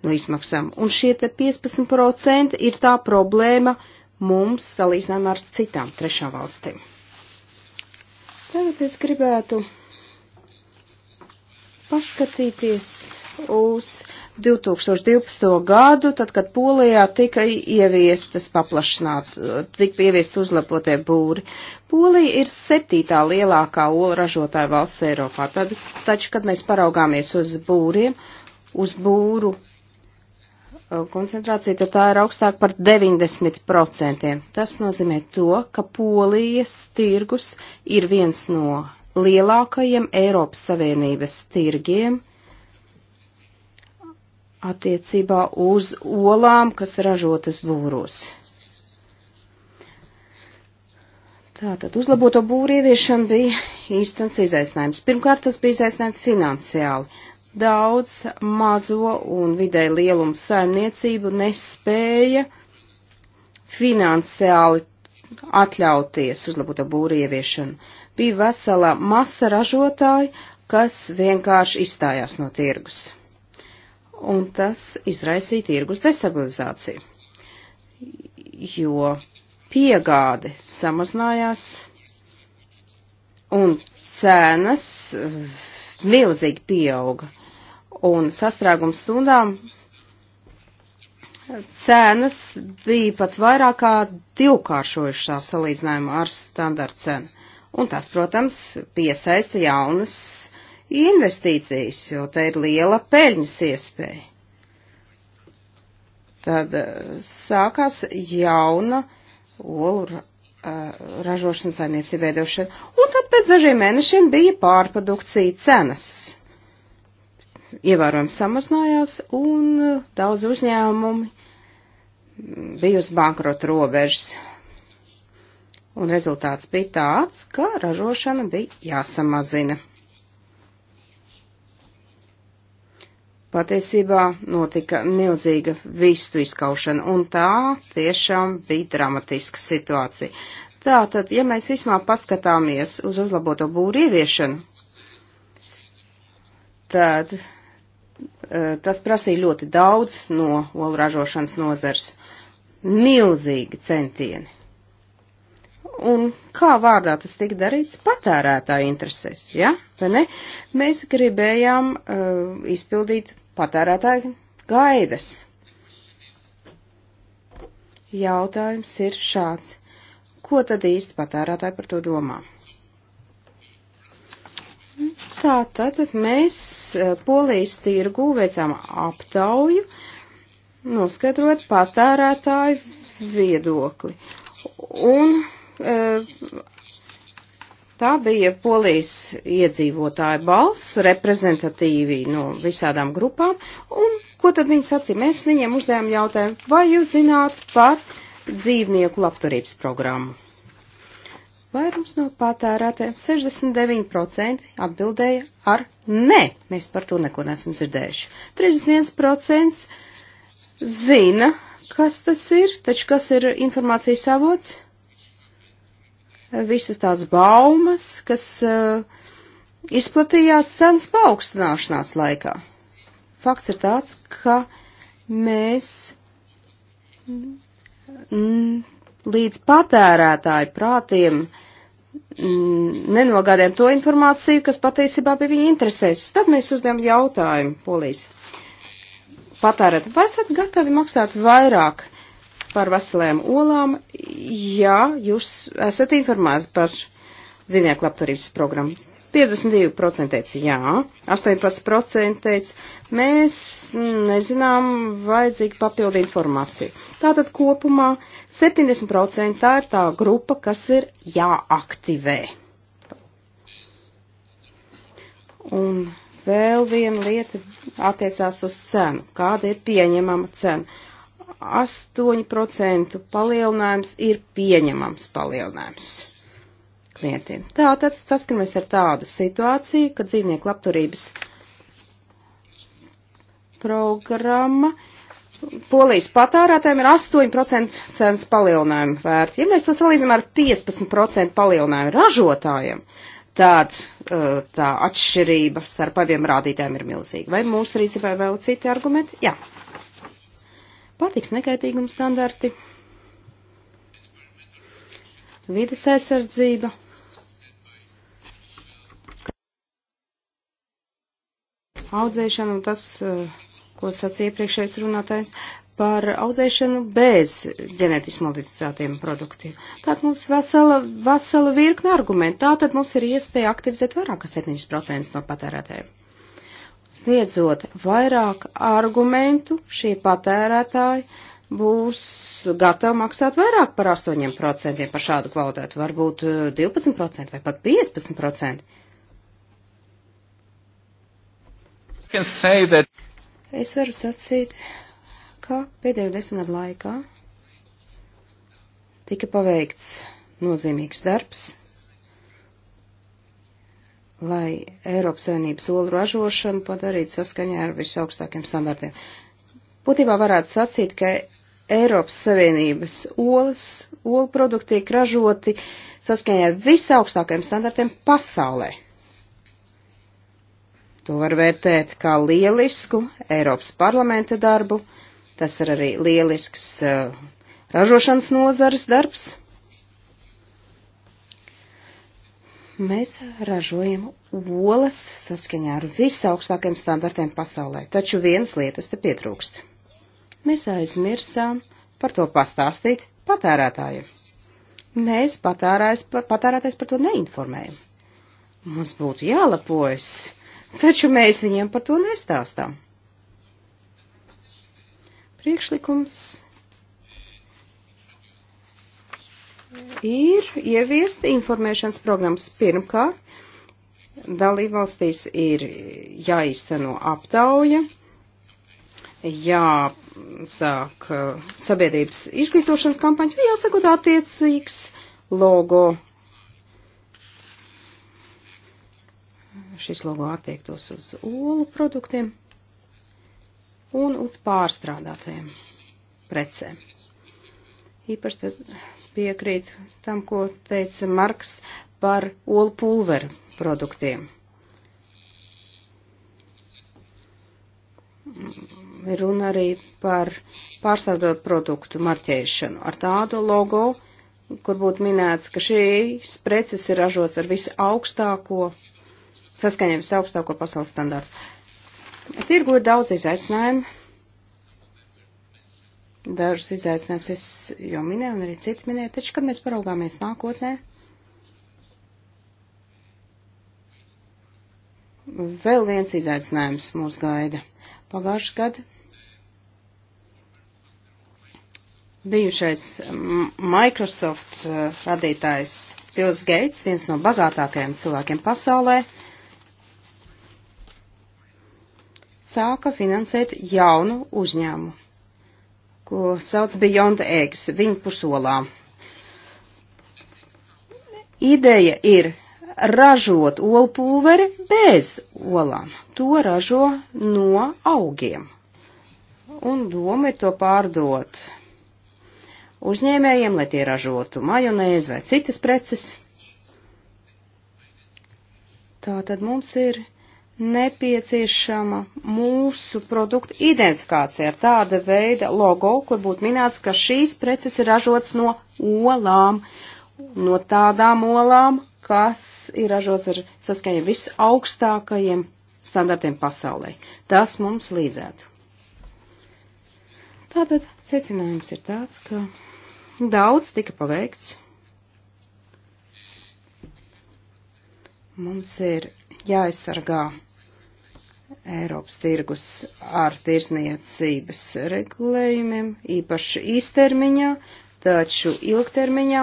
nu, izmaksām. Un šie te 15% ir tā problēma mums salīdzinājumā ar citām trešām valstīm. Tagad es gribētu paskatīties uz 2012. gadu, tad, kad Polijā tika ieviestas paplašināt, tika ieviestas uzlabotie būri. Polija ir septītā lielākā olu ražotāja valsts Eiropā. Tad, taču, kad mēs paraugāmies uz būriem, uz būru koncentrācija, tad tā ir augstāk par 90%. Tas nozīmē to, ka Polijas tirgus ir viens no lielākajiem Eiropas Savienības tirgiem attiecībā uz olām, kas ražotas būros. Tātad uzlaboto būru ieviešana bija īstens izaicinājums. Pirmkārt, tas bija izaicinājums finansiāli daudz mazo un vidēji lielumu saimniecību nespēja finansiāli atļauties uzlabota būra ieviešanu. Bija vesela masa ražotāji, kas vienkārši izstājās no tirgus. Un tas izraisīja tirgus destabilizāciju, jo piegāde samazinājās un cenas milzīgi pieauga un sastrēgumu stundām cenas bija pat vairāk kā divkāršojušā salīdzinājumā ar standarta cenu. Un tas, protams, piesaista jaunas investīcijas, jo te ir liela peļņas iespēja. Tad eh, sākās jauna olu eh, ražošanas saimniecība veidošana, un tad pēc dažiem mēnešiem bija pārprodukcija cenas ievērojami samazinājās un uh, daudz uzņēmumi bija uz bankrota robežas. Un rezultāts bija tāds, ka ražošana bija jāsamazina. Patiesībā notika milzīga vistu izkaušana, un tā tiešām bija dramatiska situācija. Tātad, ja mēs vismā paskatāmies uz uzlaboto būru ieviešanu, tad Eh, tas prasīja ļoti daudz no olu ražošanas nozars. Milzīgi centieni. Un kā vārdā tas tika darīts patērētāja interesēs, ja? Vai ne? Mēs gribējām uh, izpildīt patērētāju gaidas. Jautājums ir šāds. Ko tad īsti patērētāji par to domā? Tātad mēs eh, polijas tirgu veicām aptauju, noskatot patērētāju viedokli. Un e, tā bija polijas iedzīvotāja balss, reprezentatīvi no visādām grupām. Un ko tad viņi sacīja? Mēs viņiem uzdevām jautājumu, vai jūs zināt par dzīvnieku labturības programmu? Vairums no patērētājiem 69% atbildēja ar nē. Mēs par to neko nesam dzirdējuši. 31% zina, kas tas ir, taču kas ir informācijas avots? Visas tās baumas, kas uh, izplatījās cenas paaugstināšanās laikā. Fakts ir tāds, ka mēs līdz patērētāju prātiem mm, nenogādējam to informāciju, kas patiesībā bija viņa interesēs. Tad mēs uzdevām jautājumu polīs. Patērēt, vai esat gatavi maksāt vairāk par veselēm olām, ja jūs esat informēti par dzīvnieku labturības programmu? 52% teica jā, 18% teica mēs nezinām vajadzīgu papildu informāciju. Tātad kopumā 70% tā ir tā grupa, kas ir jāaktivē. Un vēl viena lieta attiecās uz cenu. Kāda ir pieņemama cena? 8% palielinājums ir pieņemams palielinājums apmierināti. Tātad saskaramies ar tādu situāciju, ka dzīvnieku labturības programma polijas patērētājiem ir 8% cenas palielinājumu vērts. Ja mēs to salīdzinām ar 15% palielinājumu ražotājiem, tad eh, tā atšķirība starp abiem rādītājiem ir milzīga. Vai mūsu rīcībā vēl citi argumenti? Jā. Pārtiks nekaitīguma standarti, vides aizsardzība, audzēšanu un tas, eh, ko sacīja iepriekšējais runātājs, par audzēšanu bez ģenetiski modificētiem produktiem. Tātad mums vesela, vesela virkna argumenta. Tātad mums ir iespēja aktivizēt vairāk kā 7% no patērētājiem. Sniedzot vairāk argumentu, šie patērētāji būs gatavi maksāt vairāk par 8% par šādu kvalitāti, varbūt 12% eh, vai pat 15%. Es varu sacīt, ka pēdējo desmit gadu laikā tika paveikts nozīmīgs darbs, lai Eiropas Savienības olu ražošanu padarītu saskaņā ar visaugstākiem standartiem. Būtībā varētu sacīt, ka Eiropas Savienības olas, olu produkti tiek ražoti saskaņā ar visaugstākajiem standartiem pasaulē. To var vērtēt kā lielisku Eiropas parlamenta darbu, tas ir arī lielisks uh, ražošanas nozares darbs. Mēs ražojam olas saskaņā ar visaugstākajiem standartiem pasaulē, taču vienas lietas te pietrūkst. Mēs aizmirsām par to pastāstīt patērētājiem. Mēs patērētājs par to neinformējam. Mums būtu jālepojas taču mēs viņiem par to nestāstām. Priekšlikums ir ieviest informēšanas programmas pirmkārt. Dalībvalstīs ir jāizteno aptauja, jāsāk uh, sabiedrības izglītošanas kampaņas, jāsakot attiecīgs logo šis logo attiektos uz olu produktiem un uz pārstrādātajiem precēm. Īpaši tas piekrīt tam, ko teica Marks par olu pulveru produktiem. Runa arī par pārstrādot produktu marķēšanu ar tādu logo, kur būtu minēts, ka šīs preces ir ražots ar visu augstāko saskaņiem ar augstāko pasaules standartu. Tirgu ir daudz izaicinājumu. Dažus izaicinājumus es jau minēju, un arī citi minēja, taču, kad mēs paraugāmies nākotnē, vēl viens izaicinājums mūs gaida. Pagājuši gadu bijušais Microsoft eh, radītājs Pils Geits, viens no bagātākajiem cilvēkiem pasaulē, sāka finansēt jaunu uzņēmumu, ko sauc Beyond Eggs, viņu pusolā. Ideja ir ražot olpulveri bez olām. To ražo no augiem. Un doma ir to pārdot uzņēmējiem, lai tie ražotu majonēzi vai citas preces. Tā tad mums ir nepieciešama mūsu produktu identifikācija ar tāda veida logo, kur būtu minēts, ka šīs preces ir ražots no olām, no tādām olām, kas ir ražots ar saskaņa visaugstākajiem standartiem pasaulē. Tas mums līdzētu. Tātad secinājums ir tāds, ka daudz tika paveikts. Mums ir jāaizsargā Eiropas tirgus ar tirzniecības regulējumiem, īpaši īstermiņā, taču ilgtermiņā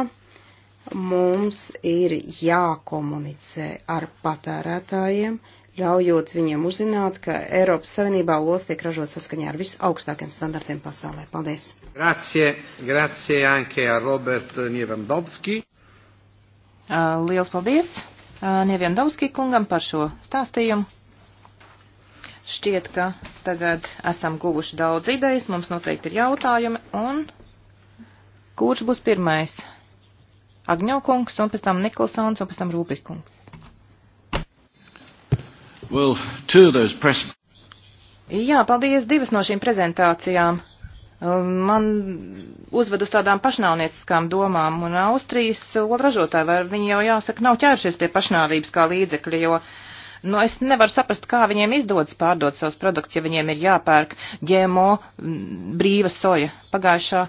mums ir jākomunicē ar patērētājiem, ļaujot viņiem uzzināt, ka Eiropas Savienībā olas tiek ražot saskaņā ar visaugstākiem standartiem pasaulē. Paldies! Grazie, grazie anche a Robert Nievandovski. Uh, liels paldies! Uh, Neviendovski kungam par šo stāstījumu. Šķiet, ka tagad esam guvuši daudz idejas, mums noteikti ir jautājumi, un kurš būs pirmais? Agņokungs, un pēc tam Nikolsons, un pēc tam Rūpikungs. Well, press... Jā, paldies divas no šīm prezentācijām man uzved uz tādām pašnāvnieciskām domām, un Austrijas olražotāji, vai viņi jau jāsaka, nav ķērušies pie pašnāvības kā līdzekļa, jo, nu, es nevaru saprast, kā viņiem izdodas pārdot savus produktus, ja viņiem ir jāpērk ģēmo brīva soja. Pagājušā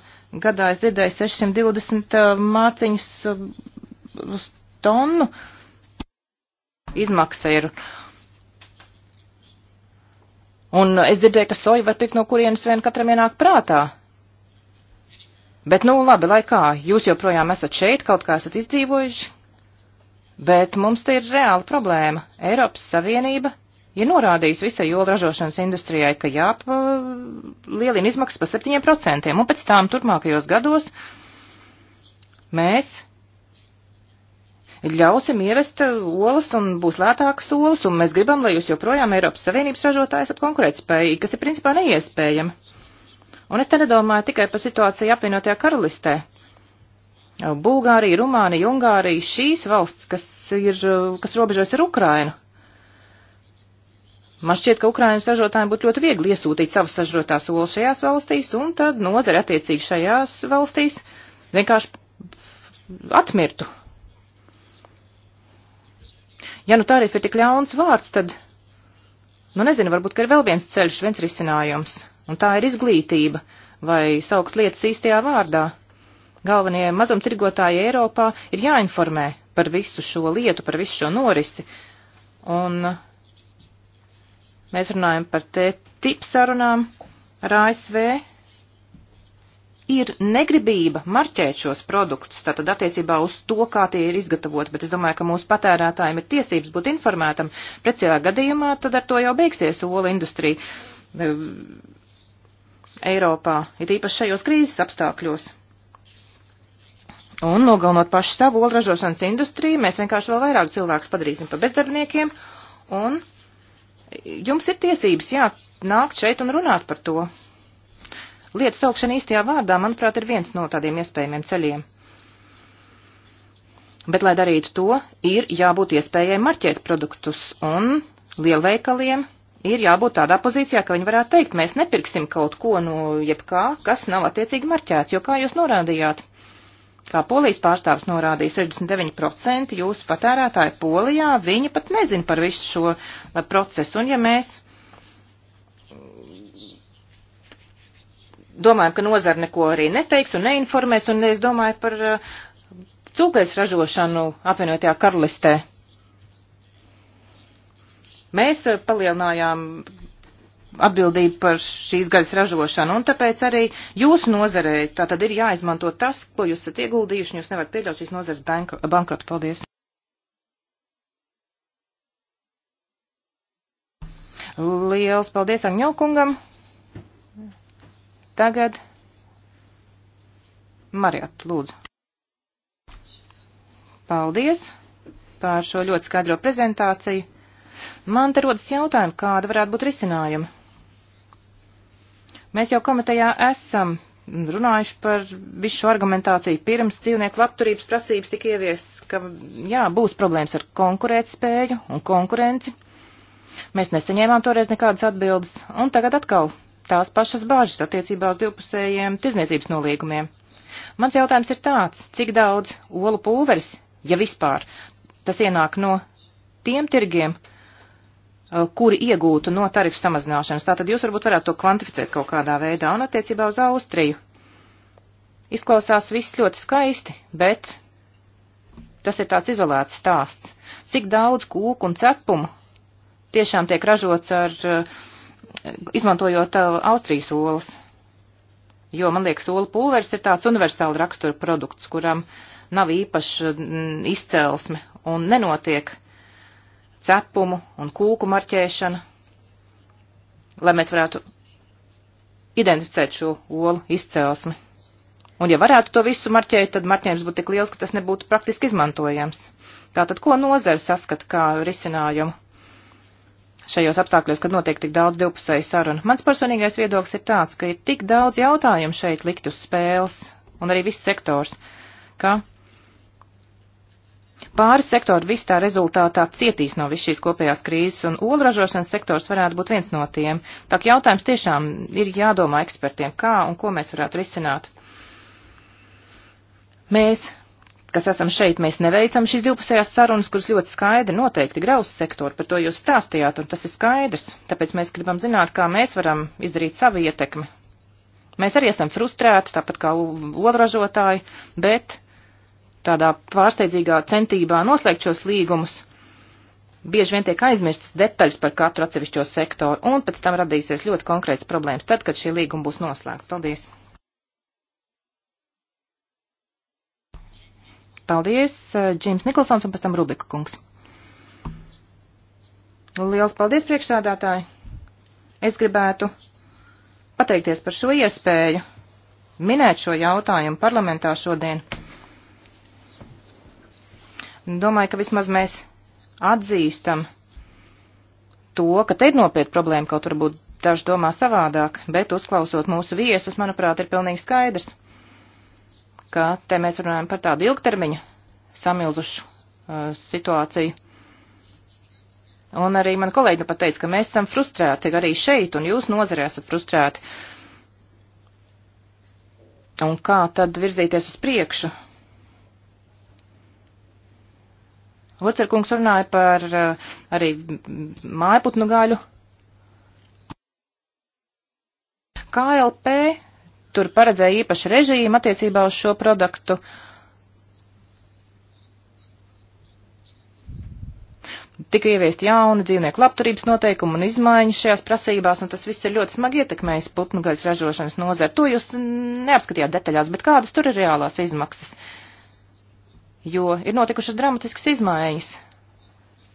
gadā es dzirdēju 620 eh, māciņas eh, uz tonnu izmaksa ir. Uh, Un es dzirdēju, ka soja var pikt no kurienes vien katram ienāk prātā. Bet, nu, labi, lai kā, jūs joprojām esat šeit, kaut kā esat izdzīvojuši, bet mums te ir reāla problēma. Eiropas Savienība ir norādījusi visai jolražošanas industrijai, ka jāpalielina uh, izmaksas pa 7%, un pēc tām turpmākajos gados mēs ļausim ievest olas un būs lētākas olas, un mēs gribam, lai jūs joprojām Eiropas Savienības ražotāji esat konkurētspējīgi, kas ir principā neiespējami. Un es te nedomāju tikai par situāciju apvienotajā karalistē. Bulgārija, Rumānija, Ungārija, šīs valsts, kas, ir, kas robežojas ar Ukrainu. Man šķiet, ka Ukrainas ražotājiem būtu ļoti viegli iesūtīt savas sažrotās olas šajās valstīs, un tad nozare attiecīgi šajās valstīs vienkārši atmirtu. Ja nu tarifa ir tik ļauns vārds, tad, nu nezinu, varbūt, ka ir vēl viens ceļš, viens risinājums, un tā ir izglītība, vai saukt lietas īstajā vārdā. Galvenie mazumtirgotāji Eiropā ir jāinformē par visu šo lietu, par visu šo norisi, un mēs runājam par te tipsarunām ar ASV, ir negribība marķēt šos produktus, tātad attiecībā uz to, kā tie ir izgatavoti, bet es domāju, ka mūsu patērētājiem ir tiesības būt informētam. Precīzā gadījumā tad ar to jau beigsies ola industrija e, Eiropā, it īpaši šajos krīzes apstākļos. Un nogalnot pašu savu olu ražošanas industriju, mēs vienkārši vēl vairāk cilvēkus padarīsim par bezdarbniekiem, un jums ir tiesības, jā, nākt šeit un runāt par to. Lietu saukšana īstajā vārdā, manuprāt, ir viens no tādiem iespējamiem ceļiem. Bet, lai darītu to, ir jābūt iespējai marķēt produktus, un lielveikaliem ir jābūt tādā pozīcijā, ka viņi varētu teikt, mēs nepirksim kaut ko no jebkā, kas nav attiecīgi marķēts, jo kā jūs norādījāt, kā polijas pārstāvs norādīja, 69% jūsu patērētāji polijā, viņi pat nezin par visu šo eh, procesu, un ja mēs domājam, ka nozara neko arī neteiks un neinformēs, un es domāju par uh, cūkais ražošanu apvienotajā karalistē. Mēs uh, palielinājām atbildību par šīs gaļas ražošanu, un tāpēc arī jūsu nozarē tā tad ir jāizmanto tas, ko jūs esat ieguldījuši, un jūs nevarat pieļaut šīs nozares bankrotu. Paldies! Liels paldies Agņokungam! Tagad Marijat, lūdzu. Paldies pār šo ļoti skaidro prezentāciju. Man te rodas jautājumi, kāda varētu būt risinājuma. Mēs jau komitejā esam runājuši par visu šo argumentāciju pirms dzīvnieku labturības prasības tika ieviestas, ka jā, būs problēmas ar konkurētspēju un konkurenci. Mēs nesaņēmām toreiz nekādas atbildes, un tagad atkal tās pašas bāžas attiecībā uz divpusējiem tirzniecības nolīgumiem. Mans jautājums ir tāds, cik daudz olu pulveris, ja vispār, tas ienāk no tiem tirgiem, eh, kuri iegūtu no tarifu samazināšanas. Tātad jūs varbūt varētu to kvantificēt kaut kādā veidā un attiecībā uz Austriju. Izklausās viss ļoti skaisti, bet tas ir tāds izolēts stāsts. Cik daudz kūku un cepumu tiešām tiek ražots ar uh, izmantojot uh, Austrijas olas. Jo, man liekas, ola pulveris ir tāds universāla rakstura produkts, kuram nav īpaša mm, izcelsme un nenotiek cepumu un kūku marķēšana, lai mēs varētu identificēt šo olu izcelsmi. Un ja varētu to visu marķēt, tad marķējums būtu tik liels, ka tas nebūtu praktiski izmantojams. Tātad, ko nozara saskata kā risinājumu? šajos apstākļos, kad notiek tik daudz divpusēju sarunu. Mans personīgais viedoklis ir tāds, ka ir tik daudz jautājumu šeit likt uz spēles, un arī viss sektors, ka Pāris sektori vis tā rezultātā cietīs no viss šīs kopējās krīzes, un olražošanas sektors varētu būt viens no tiem. Tā kā jautājums tiešām ir jādomā ekspertiem, kā un ko mēs varētu risināt. Mēs kas esam šeit, mēs neveicam šīs divpusējās sarunas, kuras ļoti skaidri noteikti grauz sektoru, par to jūs stāstījāt, un tas ir skaidrs, tāpēc mēs gribam zināt, kā mēs varam izdarīt savu ietekmi. Mēs arī esam frustrēti, tāpat kā olražotāji, bet tādā pārsteidzīgā centībā noslēgt šos līgumus bieži vien tiek aizmirstas detaļas par katru atsevišķo sektoru, un pēc tam radīsies ļoti konkrēts problēmas tad, kad šie līgumi būs noslēgti. Paldies! Paldies, eh, Džims Nikolsons un pēc tam Rubika kungs. Liels paldies, priekšsādātāji! Es gribētu pateikties par šo iespēju minēt šo jautājumu parlamentā šodien. Domāju, ka vismaz mēs atzīstam to, ka te ir nopietna problēma, kaut varbūt daži domā savādāk, bet uzklausot mūsu viesus, manuprāt, ir pilnīgi skaidrs, ka te mēs runājam par tādu ilgtermiņu samilzušu uh, situāciju. Un arī man kolēģi nu pat teica, ka mēs esam frustrēti arī šeit, un jūs nozarē esat frustrēti. Un kā tad virzīties uz priekšu? Vocerkungs runāja par uh, arī mājputnu gaļu. KLP tur paredzēja īpašu režīmu attiecībā uz šo produktu. Tika ieviest jauni dzīvnieku labturības noteikumi un izmaiņas šajās prasībās, un tas viss ir ļoti smagi ietekmējis putnu gaisa ražošanas nozari. To jūs neapskatījāt detaļās, bet kādas tur ir reālās izmaksas? Jo ir notikušas dramatiskas izmaiņas,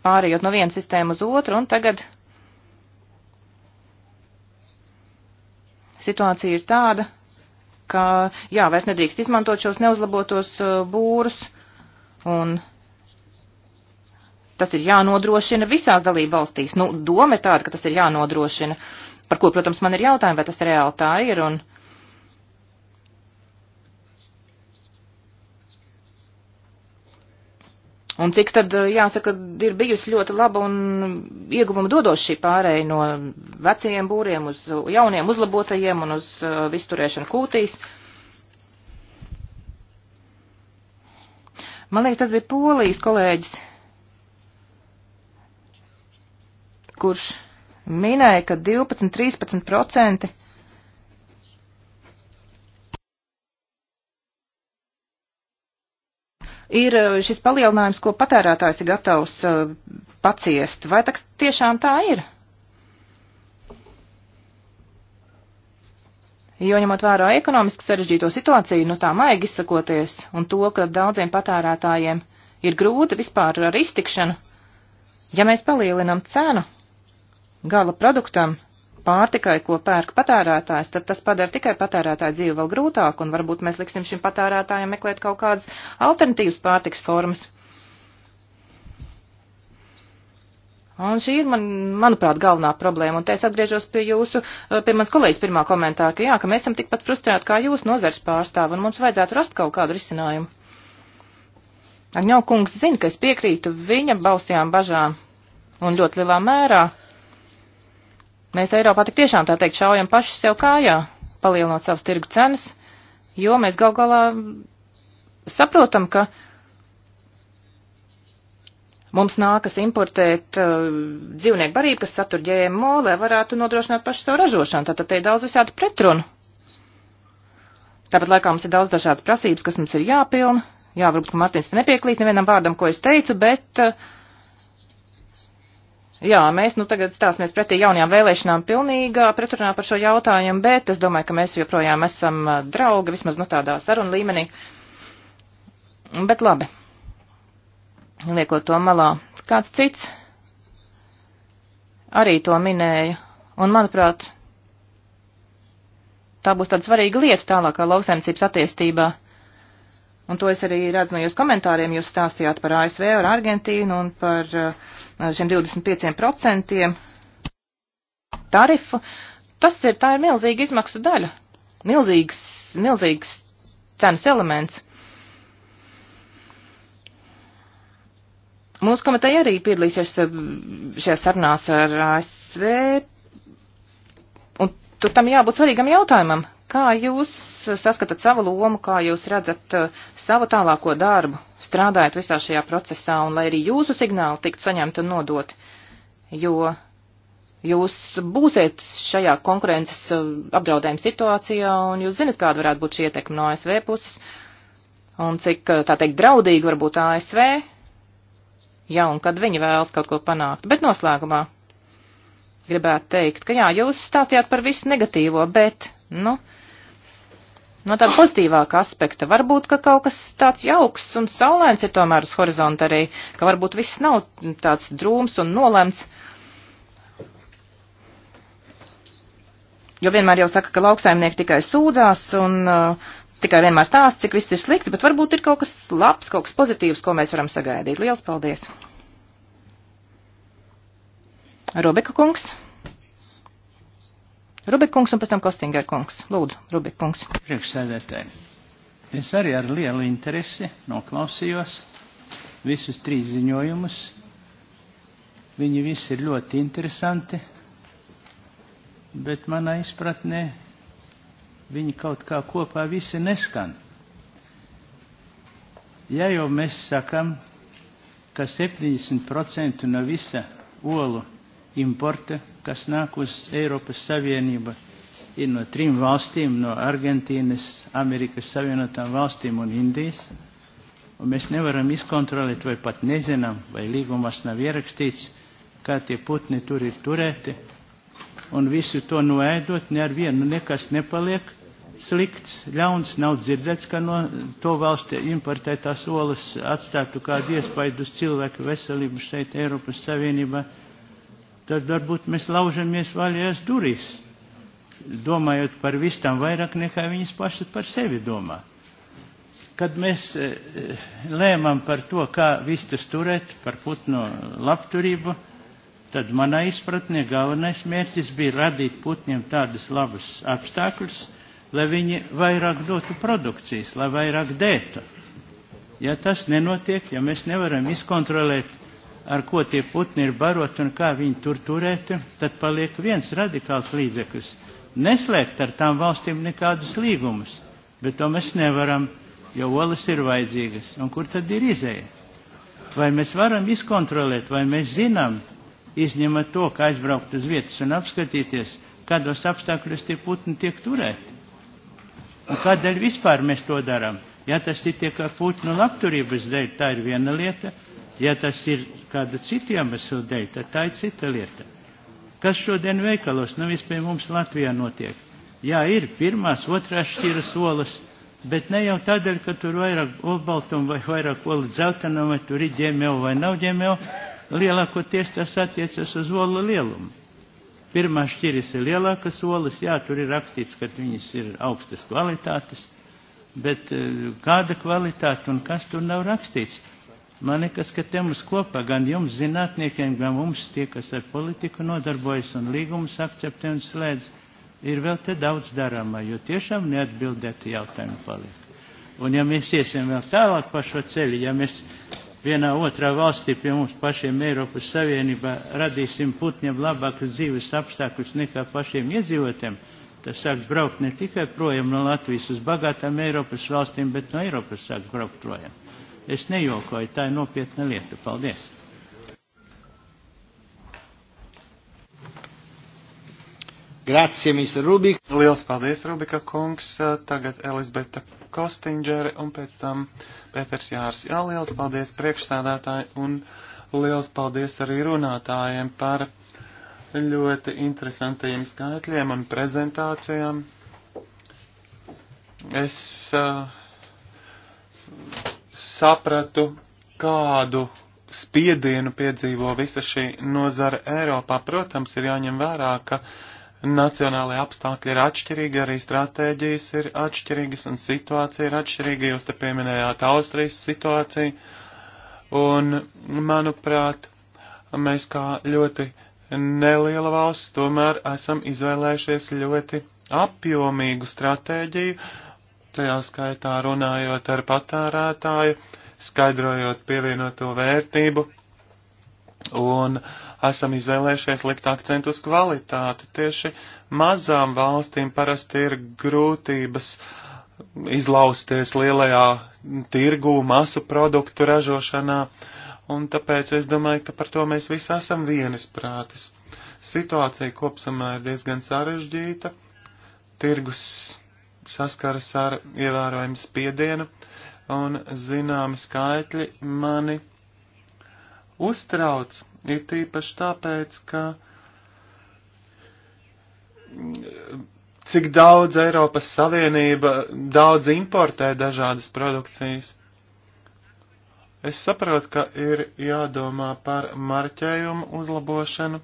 pārējot no vienas sistēmas uz otru, un tagad situācija ir tāda, ka, jā, vairs nedrīkst izmantot šos neuzlabotos uh, būrus, un tas ir jānodrošina visās dalība valstīs. Nu, doma ir tāda, ka tas ir jānodrošina, par ko, protams, man ir jautājumi, vai tas reāli tā ir, un Un cik tad, eh, jāsaka, ir bijusi ļoti laba un ieguvuma dodos šī pārēja no vecajiem būriem uz jauniem uzlabotajiem un uz eh, visturēšanu kūtīs. Man liekas, tas bija polijas kolēģis, kurš minēja, ka 12-13% ir eh, šis palielinājums, ko patērētājs ir gatavs eh, paciest. Vai tā tiešām tā ir? Jo ņemot vērā ekonomiski sarežģīto situāciju, nu tā maigi izsakoties, un to, ka daudziem patērētājiem ir grūti vispār ar iztikšanu, ja mēs palielinam cenu gala produktam, pārtikai, ko pērk patērētājs, tad tas padara tikai patērētāju dzīvi vēl grūtāku, un varbūt mēs liksim šim patērētājam meklēt kaut kādas alternatīvas pārtiks formas. Un šī ir, man, manuprāt, galvenā problēma, un te es atgriežos pie jūsu, eh, pie mans kolēģis pirmā komentāra, ka jā, ka mēs esam tikpat frustrēti kā jūs nozars pārstāvi, un mums vajadzētu rast kaut kādu risinājumu. Agņau kungs zina, ka es piekrītu viņa balstajām bažām, un ļoti lielā mērā Mēs Eiropā tik tiešām tā teikt šaujam paši sev kājā, palielinot savus tirgu cenas, jo mēs gal galā saprotam, ka mums nākas importēt uh, dzīvnieku barību, kas satur ģēmo, lai varētu nodrošināt pašu savu ražošanu. Tātad te ir daudz visādi pretrunu. Tāpat laikā mums ir daudz dažādas prasības, kas mums ir jāpilna. Jā, varbūt, ka Martins nepiekrīt nevienam vārdam, ko es teicu, bet uh, Jā, mēs nu tagad stāsimies pretī jaunajām vēlēšanām pilnīgā pretrunā par šo jautājumu, bet es domāju, ka mēs joprojām esam uh, draugi, vismaz nu tādā saruna līmenī. Bet labi, liekot to malā, kāds cits arī to minēja, un manuprāt, tā būs tāda svarīga lieta tālākā lauksaimniecības attīstībā. Un to es arī redzu no jūsu komentāriem, jūs stāstījāt par ASV, ar Argentīnu un par uh, šiem 25% tarifu, tas ir, tā ir milzīga izmaksu daļa, milzīgs, milzīgs cenas elements. Mūsu komiteja arī piedalīsies eh, šajā sarunās ar ASV, un tur tam jābūt svarīgam jautājumam. Kā jūs saskatāt savu lomu, kā jūs redzat uh, savu tālāko darbu, strādājot visā šajā procesā, un lai arī jūsu signāli tiktu saņemti un nodoti, jo jūs būsiet šajā konkurences uh, apdraudējuma situācijā, un jūs zinat, kāda varētu būt šī ietekme no ASV puses, un cik, uh, tā teikt, draudīgi var būt ASV, ja un kad viņi vēlas kaut ko panākt. Bet noslēgumā gribētu teikt, ka jā, jūs stāstījāt par visu negatīvo, bet, nu, no tāda pozitīvāka aspekta. Varbūt, ka kaut kas tāds jauks un saulēns ir tomēr uz horizonta arī, ka varbūt viss nav tāds drūms un nolemts. Jo vienmēr jau saka, ka lauksaimnieki tikai sūdzās un uh, tikai vienmēr stāsta, cik viss ir slikts, bet varbūt ir kaut kas labs, kaut kas pozitīvs, ko mēs varam sagaidīt. Lielas paldies! Robeka kungs! Rubikungs un pēc tam Kostinger kungs. Lūdzu, Rubikungs. Priekšsēdētāji, es arī ar lielu interesi noklausījos visus trīs ziņojumus. Viņi visi ir ļoti interesanti, bet manā izpratnē viņi kaut kā kopā visi neskan. Ja jau mēs sakam, ka 70% no visa olu importa, kas nāk uz Eiropas Savienību, ir no trim valstīm - no Argentīnas, Amerikas Savienotām valstīm un Indijas. Un mēs nevaram izkontrolēt, vai pat nezinām, vai līgumās nav ierakstīts, kā tie putni tur ir turēti. Un visu to noēdot, ne ar vienu nekas nepaliek slikts, ļauns, nav dzirdēts, ka no to valsti importētās olas atstātu kādu iespaidu uz cilvēku veselību šeit Eiropas Savienībā tad varbūt mēs laužamies vaļās durvis, domājot par vistām vairāk nekā viņas pašas par sevi domā. Kad mēs e, e, lēmām par to, kā vistas turēt, par putnu labturību, tad manā izpratnē galvenais mērķis bija radīt putniem tādas labas apstākļus, lai viņi vairāk dotu produkcijas, lai vairāk dētu. Ja tas nenotiek, ja mēs nevaram izkontrolēt ar ko tie putni ir baroti un kā viņi tur turēti, tad paliek viens radikāls līdzeklis - neslēgt ar tām valstīm nekādus līgumus, bet to mēs nevaram, jo olas ir vajadzīgas. Un kur tad ir izēja? Vai mēs varam izkontrolēt, vai mēs zinām, izņemot to, ka aizbraukt uz vietas un apskatīties, kādos apstākļos tie putni tiek turēti? Un kādēļ vispār mēs to darām? Ja tas ir tikai putnu labturības dēļ, tā ir viena lieta. Ja tas ir kāda cita iemesla dēļ, tad tā ir cita lieta. Kas šodien veikalos, nu vispār mums Latvijā notiek? Jā, ir pirmās, otrās šķiras olas, bet ne jau tādēļ, ka tur vairāk olbaltumu vai vairāk olu dzeltenam, vai tur ir ģemēlu vai nav ģemēlu, lielākoties tas attiecas uz olu lielumu. Pirmā šķiris ir lielākas olas, jā, tur ir rakstīts, ka viņas ir augstas kvalitātes, bet eh, kāda kvalitāte un kas tur nav rakstīts? Man liekas, ka te mums kopā gan jums, zinātniekiem, gan mums, tie, kas ar politiku nodarbojas un līgumus akceptē un slēdz, ir vēl te daudz darāmā, jo tiešām neatbildēti jautājumi paliek. Un ja mēs iesim vēl tālāk pa šo ceļu, ja mēs vienā otrā valstī pie mums pašiem Eiropas Savienībā radīsim putņiem labākus dzīves apstākļus nekā pašiem iedzīvotiem, tas sāks braukt ne tikai projām no Latvijas uz bagātām Eiropas valstīm, bet no Eiropas sāks braukt projām. Es nejokoju, tā ir nopietna lieta. Paldies! Grazie, Mr. Rubik. Liels paldies, Rubika kungs. Tagad Elizabeta Kostinģere un pēc tam Pēters Jārs. Jā, liels paldies priekšsādātāji un liels paldies arī runātājiem par ļoti interesantajiem skaitļiem un prezentācijām. Es uh, sapratu, kādu spiedienu piedzīvo visa šī nozara Eiropā. Protams, ir jāņem vērā, ka nacionālajie apstākļi ir atšķirīgi, arī stratēģijas ir atšķirīgas un situācija ir atšķirīga. Jūs te pieminējāt Austrijas situāciju. Un, manuprāt, mēs kā ļoti neliela valsts tomēr esam izvēlējušies ļoti apjomīgu stratēģiju, uh, tajā skaitā runājot ar patērētāju, skaidrojot pievienoto vērtību un esam izvēlējušies likt akcentu uz kvalitāti. Tieši mazām valstīm parasti ir grūtības izlausties lielajā tirgū masu produktu ražošanā, un tāpēc es domāju, ka par to mēs visi esam vienisprātis. Situācija kopsumā ir diezgan sarežģīta. Tirgus saskaras ar ievērojumu spiedienu, un zināmi skaitļi mani uztrauc, ir tīpaši tāpēc, ka mm, cik daudz Eiropas Savienība daudz importē dažādas produkcijas. Es saprotu, ka ir jādomā par marķējumu uzlabošanu,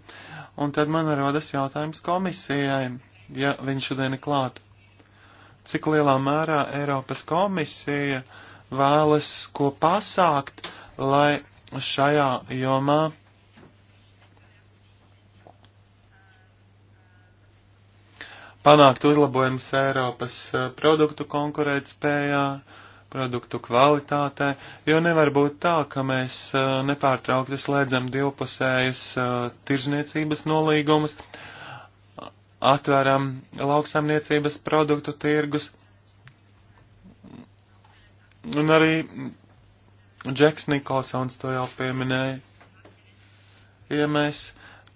un tad man rodas jautājums komisijai, ja viņš šodien ir klāt cik lielā mērā Eiropas komisija vēlas ko pasākt, lai šajā jomā panākt uzlabojumus Eiropas eh, produktu konkurētspējā, produktu kvalitātē, jo nevar būt tā, ka mēs eh, nepārtraukti slēdzam divpusējas eh, tirzniecības nolīgumus, uh, atveram lauksaimniecības produktu tirgus. Un arī Džeks Nikolsons to jau pieminēja. Ja mēs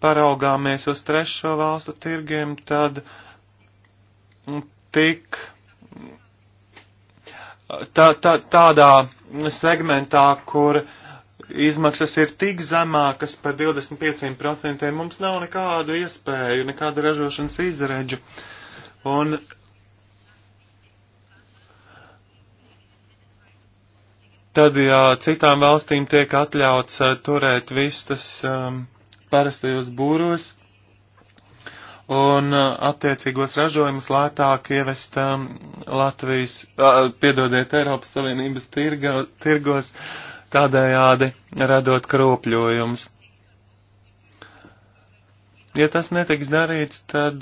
paraugāmies uz trešo valstu tirgiem, tad tik tā, tā, tādā segmentā, kur uh, izmaksas ir tik zemākas par 25%, mums nav nekādu iespēju, nekādu ražošanas izredžu. Un tad, ja citām valstīm tiek atļauts uh, turēt vistas um, parastajos būros un uh, attiecīgos ražojumus lētāk ievest um, Latvijas, uh, piedodiet, Eiropas Savienības tirga, tirgos, uh, tādējādi radot kropļojumus. Ja tas netiks darīts, tad,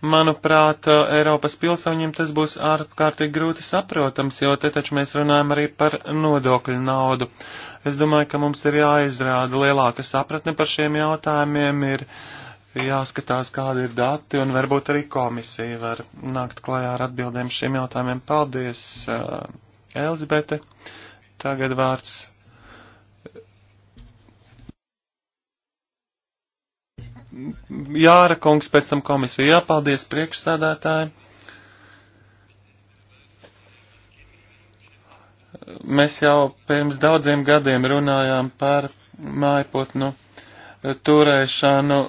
manuprāt, Eiropas pilsoņiem tas būs ārkārtīgi grūti saprotams, jo te taču mēs runājam arī par nodokļu naudu. Es domāju, ka mums ir jāizrāda lielāka sapratne par šiem jautājumiem, ir jāskatās, kādi ir dati, un varbūt arī komisija var nākt klajā ar atbildēm šiem jautājumiem. Paldies, Elzbete! Uh, Tagad vārds. Jāra kungs, pēc tam komisija. Jā, paldies priekšsādātāji. Mēs jau pirms daudziem gadiem runājām par mājputnu turēšanu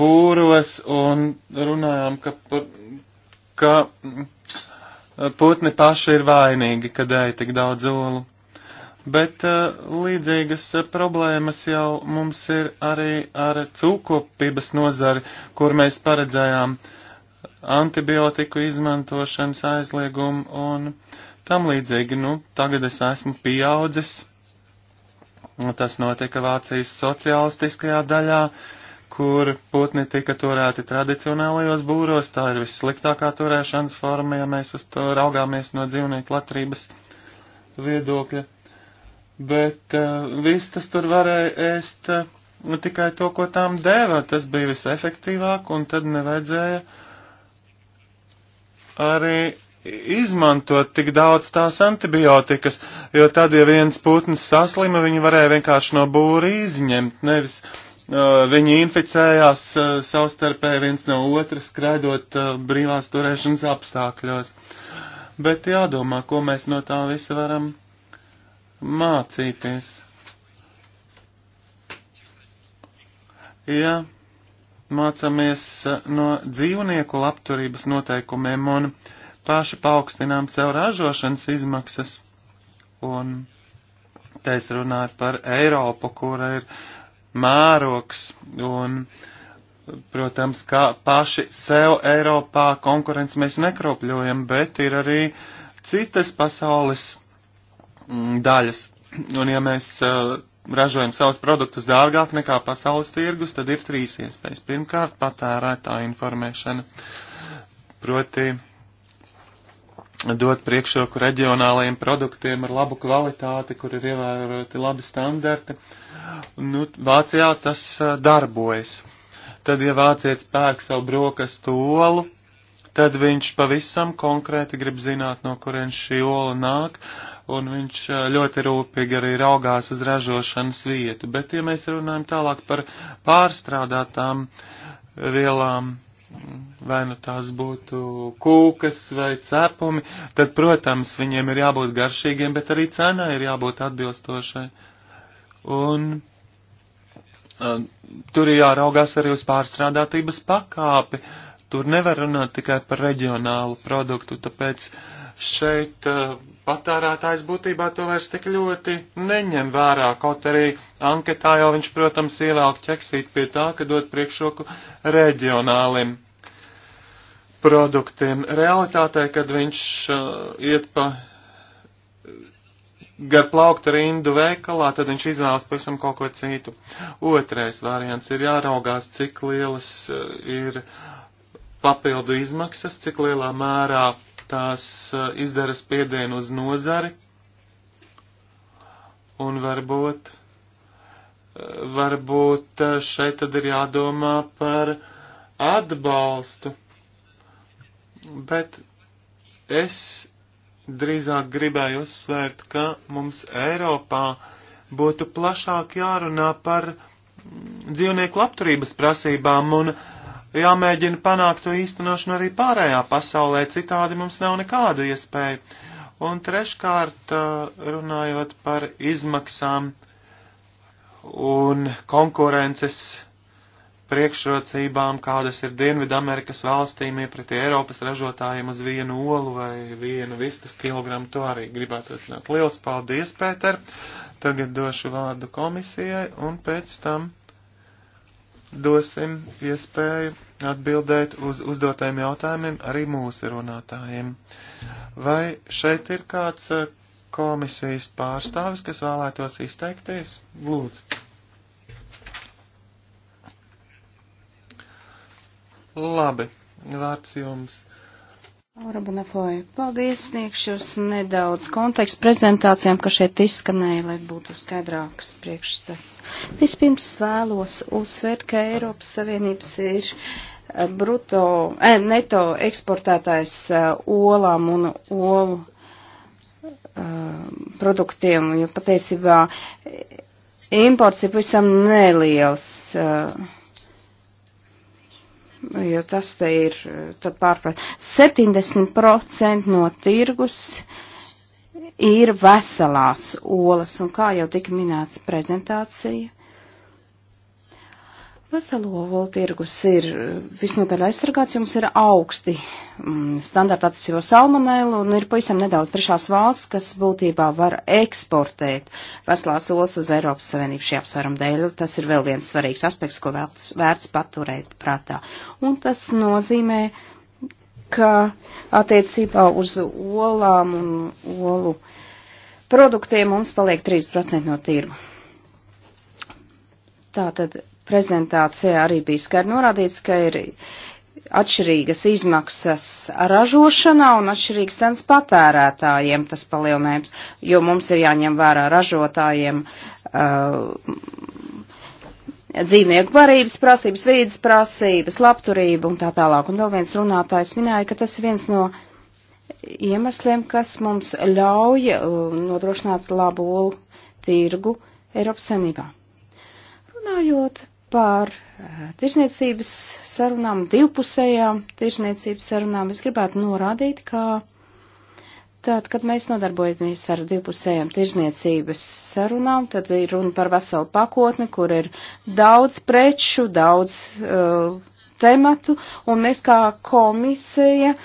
būros un runājām, ka, ka putni paši ir vainīgi, kad ēja tik daudz olu. Bet eh, līdzīgas eh, problēmas jau mums ir arī ar cūkopības nozari, kur mēs paredzējām antibiotiku izmantošanas aizliegumu un tam līdzīgi. Nu, tagad es esmu pieaudzis. Tas notika Vācijas sociālistiskajā daļā, kur putni tika turēti tradicionālajos būros. Tā ir vissliktākā turēšanas forma, ja mēs uz to raugāmies no dzīvnieku latrības viedokļa bet uh, eh, vistas tur varēja ēst uh, tikai to, ko tām dēvē. Tas bija visefektīvāk, un tad nevajadzēja arī izmantot tik daudz tās antibiotikas, jo tad, ja viens putns saslima, viņi varēja vienkārši no būra izņemt, nevis uh, viņi inficējās uh, savstarpēji viens no otra, skraidot uh, brīvās turēšanas apstākļos. Bet jādomā, ko mēs no tā visa varam mācīties. Ja mācāmies uh, no dzīvnieku labturības noteikumiem un paši paaugstinām sev ražošanas izmaksas, un te es runāju par Eiropu, kura ir mērogs un protams, kā paši sev Eiropā konkurence mēs nekropļojam, bet ir arī citas pasaules Mm, daļas. Un ja mēs uh, ražojam savus produktus dārgāk nekā pasaules tirgus, tad ir trīs iespējas. Pirmkārt, patērētāja informēšana. Proti, dot priekšroku reģionālajiem produktiem ar labu kvalitāti, kur ir ievēroti labi standarti. Nu, Vācijā tas uh, darbojas. Tad, ja vāciet spēk savu brokastu olu, tad viņš pavisam konkrēti grib zināt, no kurienes šī ola nāk, un viņš ļoti rūpīgi arī raugās uz ražošanas vietu. Bet, ja mēs runājam tālāk par pārstrādātām vielām, vai nu tās būtu kūkas vai cepumi, tad, protams, viņiem ir jābūt garšīgiem, bet arī cenai ir jābūt atbilstošai. Un uh, tur ir jāraugās arī uz pārstrādātības pakāpi. Uh, Tur nevar runāt tikai par reģionālu produktu, tāpēc šeit eh, patērētājs būtībā to vairs tik ļoti neņem vērā, kaut arī anketā jau viņš, protams, ievēlk ķeksīt pie tā, ka dod priekšroku reģionālim produktiem. Realitātē, kad viņš uh, iet pa gar plaukta rindu veikalā, tad viņš izvēlas pavisam kaut ko citu. Otrais variants ir jāraugās, cik lielas eh, ir papildu izmaksas, cik lielā mērā tās eh, izdara spiedienu uz nozari un varbūt, eh, varbūt eh, šeit tad ir jādomā par atbalstu. Bet es drīzāk gribēju uzsvērt, ka mums Eiropā būtu plašāk jārunā par mm, dzīvnieku labturības prasībām un uh, jāmēģina panākt to īstenošanu arī pārējā pasaulē, citādi mums nav nekādu iespēju. Un treškārt, runājot par izmaksām un konkurences priekšrocībām, kādas ir Dienvidamerikas valstīm iepretie Eiropas ražotājiem uz vienu olu vai vienu vistas kilogramu, to arī gribētu atzināt. Liels paldies, Pēter! Tagad došu vārdu komisijai un pēc tam dosim iespēju atbildēt uz uzdotajiem jautājumiem arī mūsu runātājiem. Vai šeit ir kāds eh, komisijas pārstāvis, kas vēlētos izteikties? Lūdzu. Labi, vārds jums. Laura Bunafoja, paldies, sniegšu jums nedaudz kontekstu prezentācijām, kas šeit izskanēja, lai būtu skaidrāks priekšstats. Vispirms vēlos uzsvērt, ka Eiropas Savienības ir eh, bruto, eh, neto eksportētājs eh, olām un olu eh, produktiem, jo patiesībā imports ir pavisam neliels. Eh, jo tas te ir tad pārprat. 70% no tirgus ir veselās olas, un kā jau tika minēts prezentācija, Veselo tirgus ir eh, visnotaļ aizsargāts, jums ir augsti mm, standarta attiecībā salmonēlu un ir pavisam nedaudz trešās valsts, kas būtībā var eksportēt veselās olas uz Eiropas Savienību šī apsvēruma dēļ. Tas ir vēl viens svarīgs aspekts, ko vērts, vērts paturēt prātā. Un tas nozīmē, ka attiecībā uz olām un olu produktiem mums paliek 30% no tirgu. Tātad prezentācijā arī bija skaidri norādīts, ka ir atšķirīgas izmaksas ražošanā un atšķirīgas cenas patērētājiem tas palielinājums, jo mums ir jāņem vērā ražotājiem uh, dzīvnieku barības prasības, vīdes prasības, labturību un tā tālāk. Un vēl viens runātājs minēja, ka tas ir viens no iemesliem, kas mums ļauj uh, nodrošināt labu tīrgu Eiropas senībā. Runājot par eh, tirsniecības sarunām, divpusējām tirsniecības sarunām, es gribētu norādīt, ka tad, kad mēs nodarbojamies ar divpusējām tirsniecības sarunām, tad ir runa par veselu pakotni, kur ir daudz preču, daudz uh, tematu, un mēs kā komisija eh,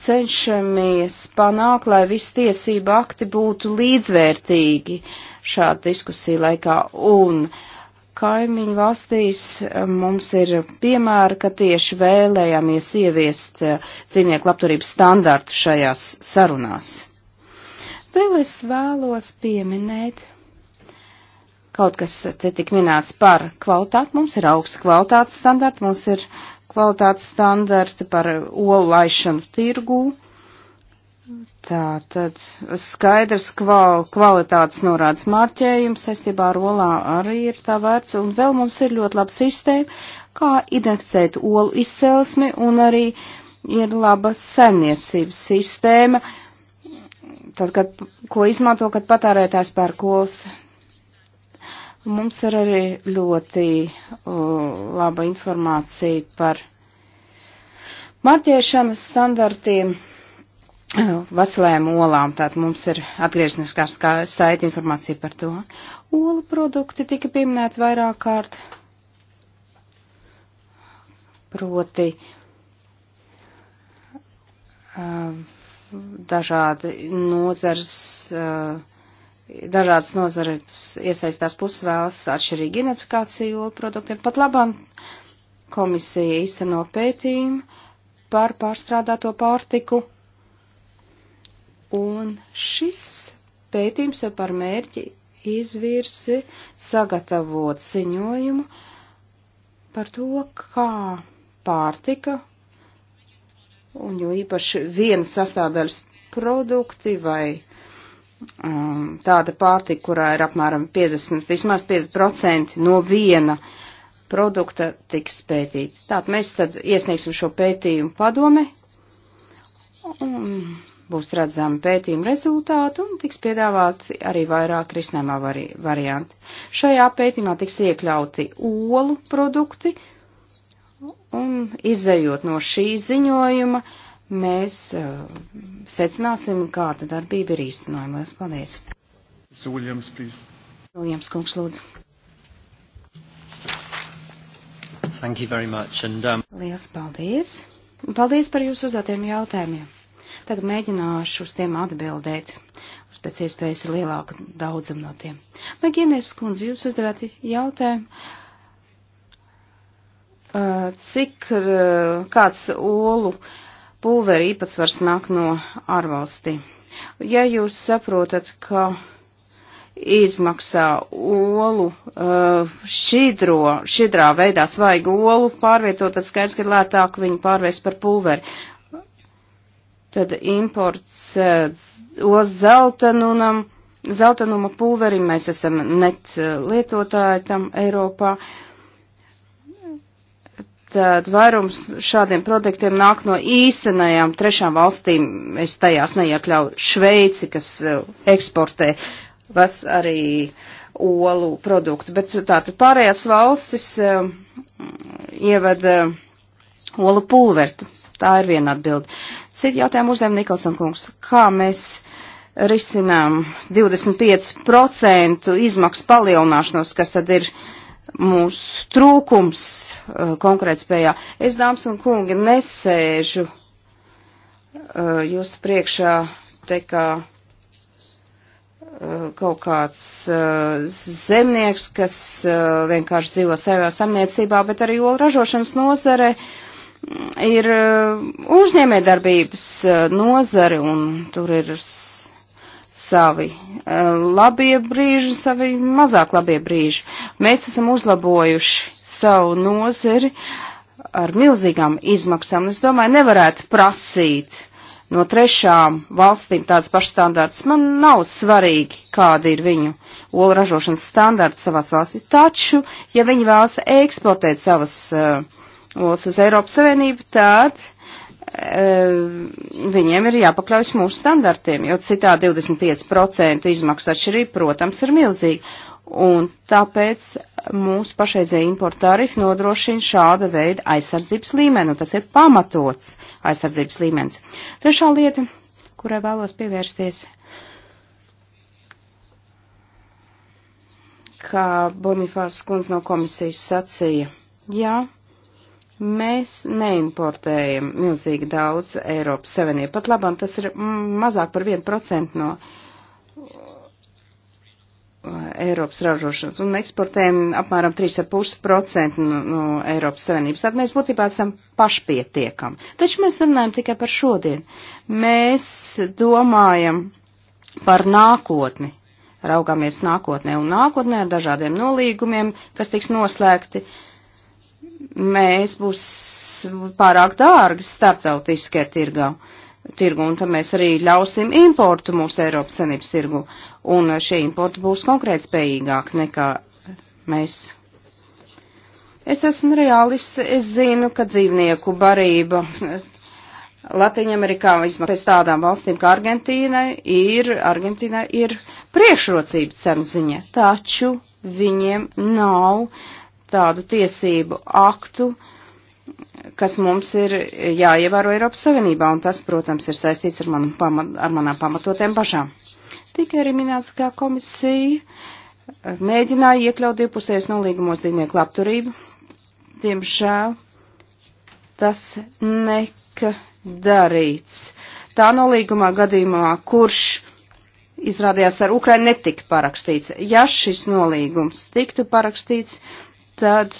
cenšamies panākt, lai visi tiesība akti būtu līdzvērtīgi šāda diskusija laikā. Un, uh, kaimiņu valstīs eh, mums ir piemēra, ka tieši vēlējāmies ieviest eh, dzīvnieku labturības standārtu šajās sarunās. Vēl es vēlos pieminēt, kaut kas te tik minēts par kvalitāti, mums ir augsta kvalitātes standarta, mums ir kvalitātes standarti par olu laišanu tirgū Tā tad skaidrs kval, kvalitātes norādes marķējums saistībā ar olām arī ir tā vērts, un vēl mums ir ļoti laba sistēma, kā identificēt olu izcelsmi, un arī ir laba saimniecības sistēma, tad, kad, ko izmanto, kad patērētājs pērk olas. Mums ir arī ļoti uh, laba informācija par marķēšanas standartiem veselēm olām, tātad mums ir atgriezniskā saita informācija par to. Olu produkti tika pieminēti vairāk kārt, proti uh, dažādi nozars, uh, dažādas nozares iesaistās puses vēlas atšķirīgi identifikāciju olu produktiem. Pat labāk komisija īsteno pētījumu par pārstrādāto pārtiku Un šis pētījums jau par mērķi izvirsi sagatavot ziņojumu par to, kā pārtika, un jo īpaši vienas sastāvdaļas produkti vai um, tāda pārtika, kurā ir apmēram 50, vismaz 50% no viena produkta tiks pētīti. Tātad mēs tad iesniegsim šo pētījumu padome. Un, um, būs redzami pētījuma rezultāti un tiks piedāvāti arī vairāk risinājumā vari varianti. Šajā pētījumā tiks iekļauti olu produkti un izējot no šī ziņojuma mēs uh, secināsim, kāda darbība ir īstenojama. Lielas paldies! Zūļams, please. Zūļams, kungs, lūdzu. Thank you very much. And, um... Lielas paldies! Paldies par jūsu uzdotiem jautājumiem! Tagad mēģināšu uz tiem atbildēt, uz pēc iespējas lielāku daudzumu no tiem. Magīnēs kundze, jūs uzdevāt jautājumu, cik kāds olu pulveri īpatsvars nāk no ārvalstī. Ja jūs saprotat, ka izmaksā olu šidro, šidrā veidā svaigu olu pārvietot, tad skaidrs, ka lētāk viņu pārvērst par pulveri. Tad imports uz eh, zeltanunam, zeltanuma pulverim, mēs esam net eh, lietotāji tam Eiropā. Tad vairums šādiem produktiem nāk no īstenajām trešām valstīm. Es tajās neiekļauju Šveici, kas eh, eksportē vas arī olu produktu. Bet tātad pārējās valstis uh, ievada olu pulvertu. Tā ir viena atbilde. Citu jautājumu uzdev Nikolson kungs. Kā mēs risinām 25% izmaksu palielināšanos, kas tad ir mūsu trūkums uh, konkurētspējā? Es, dāmas un kungi, nesēžu uh, jūs priekšā te kā uh, kaut kāds uh, zemnieks, kas uh, vienkārši dzīvo savā samniecībā, bet arī ražošanas nozare ir eh, uzņēmējdarbības eh, nozari un tur ir savi eh, labie brīži, savi mazāk labie brīži. Mēs esam uzlabojuši savu nozari ar milzīgām izmaksām. Es domāju, nevarētu prasīt no trešām valstīm tāds pašs standārts. Man nav svarīgi, kāda ir viņu olu ražošanas standārts savās valstīs. Taču, ja viņi vēlas eksportēt savas uh, olas uz Eiropas Savienību, tad e, viņiem ir jāpakļaujas mūsu standartiem, jo citā 25% izmaksu atšķirība, protams, ir milzīga. Un tāpēc mūsu pašreizēja importa tarifa nodrošina šāda veida aizsardzības līmeni, un tas ir pamatots aizsardzības līmenis. Trešā lieta, kurai vēlos pievērsties, kā Bonifārs kundze no komisijas sacīja. Jā. Ja Mēs neimportējam milzīgi daudz Eiropas Savienību. Pat labam tas ir mm, mazāk par 1% no uh, Eiropas ražošanas. Un eksportējam apmēram 3,5% no, no Eiropas Savienības. Tad mēs būtībā esam pašpietiekam. Taču mēs runājam tikai par šodien. Mēs domājam par nākotni. Raugāmies nākotnē un nākotnē ar dažādiem nolīgumiem, kas tiks noslēgti. Uh, mēs būs pārāk dārgi starptautiskajā tirgā. Tirgu, un tad mēs arī ļausim importu mūsu Eiropas Savienības tirgu, un šie importi būs konkrēt spējīgāki nekā mēs. Es esmu reālists, es zinu, ka dzīvnieku barība Latvijamerikā, vismaz pēc tādām valstīm kā Argentīna, ir, Argentīna ir priekšrocība cenu ziņa, taču viņiem nav uh, tādu tiesību aktu, kas mums ir jāievēro Eiropas Savienībā, un tas, protams, ir saistīts ar, man, pamat, ar manām pamatotiem pašām. Tikai arī minēts, ka komisija mēģināja iekļaut divpusējas nolīgumos dzīvnieku labturību. Diemžēl tas neka darīts. Tā nolīgumā gadījumā, kurš izrādījās ar Ukraini netika parakstīts. Ja šis nolīgums tiktu parakstīts, tad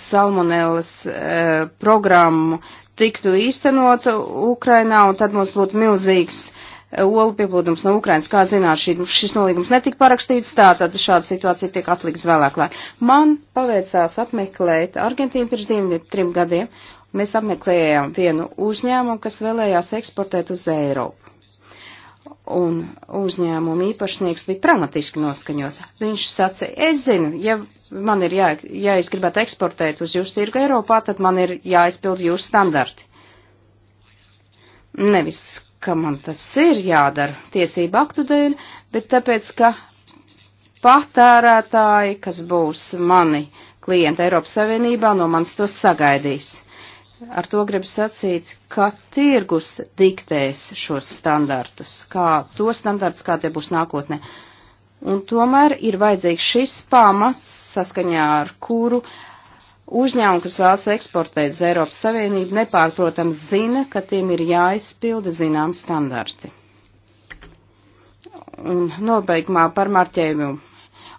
salmonēlas eh, programmu tiktu īstenot Ukrainā, un tad mums būtu milzīgs eh, olu pieplūdums no Ukrainas. Kā zināt, šī, šis nolīgums netika parakstīts, tā tad šāda situācija tiek atlikts vēlāk. Lai. Man paveicās apmeklēt Argentīnu pirms diviem, trim gadiem. Mēs apmeklējām vienu uzņēmumu, kas vēlējās eksportēt uz Eiropu un uzņēmuma īpašnieks bija pragmatiski noskaņots. Viņš sacīja, es zinu, ja man ir jā, ja es gribētu eksportēt uz jūsu tirgu Eiropā, tad man ir jāizpild jūsu standarti. Nevis, ka man tas ir jādara tiesību aktu dēļ, bet tāpēc, ka patērētāji, kas būs mani klienti Eiropas Savienībā, no manis to sagaidīs. Ar to gribu sacīt, ka tirgus diktēs šos standartus, kā to standartus, kā tie būs nākotnē. Un tomēr ir vajadzīgs šis pamats, saskaņā ar kuru uzņēmumi, kas vēlas eksportēt uz Eiropas Savienību, nepārprotam zina, ka tiem ir jāizpilda zinām standarti. Un nobeigumā par marķējumu.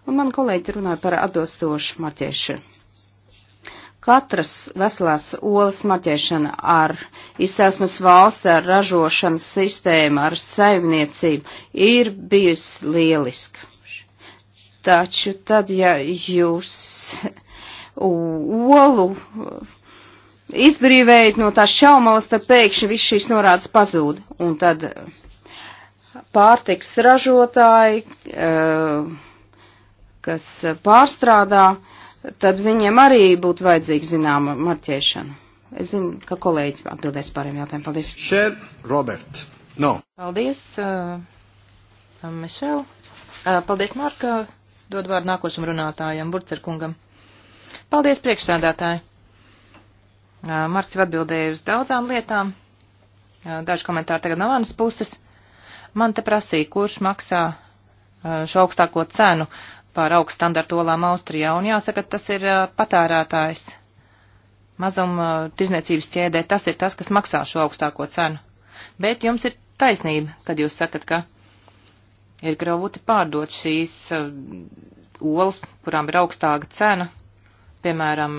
Un man kolēģi runāja par atbilstošu marķēšanu katras veselās olas marķēšana ar izcelsmes valsts, ar ražošanas sistēmu, ar saimniecību ir bijusi lieliska. Taču tad, ja jūs olu izbrīvējat no tās šaumalas, tad pēkšņi viss šīs norādes pazūd. Un tad uh, pārtiks ražotāji, uh, kas pārstrādā, uh, tad viņiem arī būtu vajadzīga zināma marķēšana. Es zinu, ka kolēģi atbildēs pāriem jautājumiem. Paldies. Šer, Robert. No. Paldies, uh, Mišel. Uh, paldies, Marka. Dod vārdu nākošam runātājam, Burcerkungam. Paldies, priekšsēdētāji. Uh, Marks jau atbildēja uz daudzām lietām. Uh, daži komentāri tagad no manas puses. Man te prasīja, kurš maksā uh, šo augstāko cenu. Uh, par augststandartu olām Austrijā, un jāsaka, tas ir patērētājs. Mazuma tirzniecības ķēdē tas ir tas, kas maksā šo augstāko cenu. Bet jums ir taisnība, kad jūs sakat, ka ir grauti pārdot šīs olas, kurām ir augstāka cena, piemēram,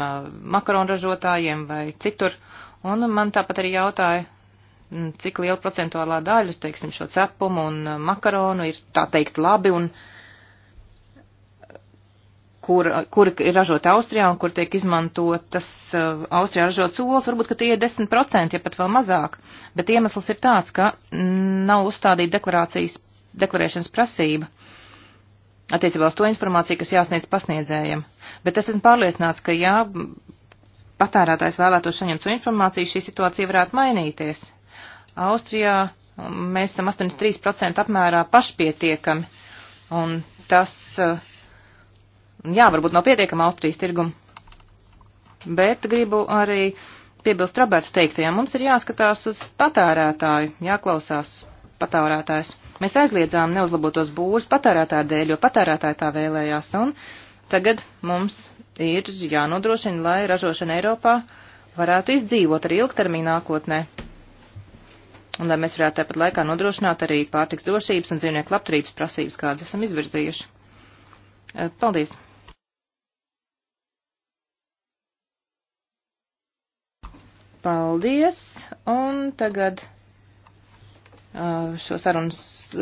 makaronu ražotājiem vai citur. Un man tāpat arī jautāja, cik liela procentuālā daļa, teiksim, šo cepumu un makaronu ir tā teikt labi un labi kur, kur ir ražota Austrijā un kur tiek izmantotas uh, Austrijā ražotas olas, varbūt, ka tie ir 10%, ja pat vēl mazāk. Bet iemesls ir tāds, ka nav uzstādīta deklarācijas, deklarēšanas prasība attiecībā uz to informāciju, kas jāsniedz pasniedzējiem. Bet es esmu pārliecināts, ka jā, patērētājs vēlētos saņemt šo informāciju, šī situācija varētu mainīties. Austrijā mēs esam 83% apmērā pašpietiekami, un tas uh, Jā, varbūt nav pietiekama Austrijas tirguma, bet gribu arī piebilst Roberts teiktajām. Mums ir jāskatās uz patērētāju, jāklausās patērētājs. Mēs aizliedzām neuzlabotos būrus patērētāju dēļ, jo patērētāji tā vēlējās, un tagad mums ir jānodrošina, lai ražošana Eiropā varētu izdzīvot arī ilgtermiņā nākotnē. Un lai mēs varētu tāpat laikā nodrošināt arī pārtiks drošības un dzīvnieku labturības prasības, kādas esam izvirzījuši. Paldies! Paldies! Un tagad uh, šo sarunas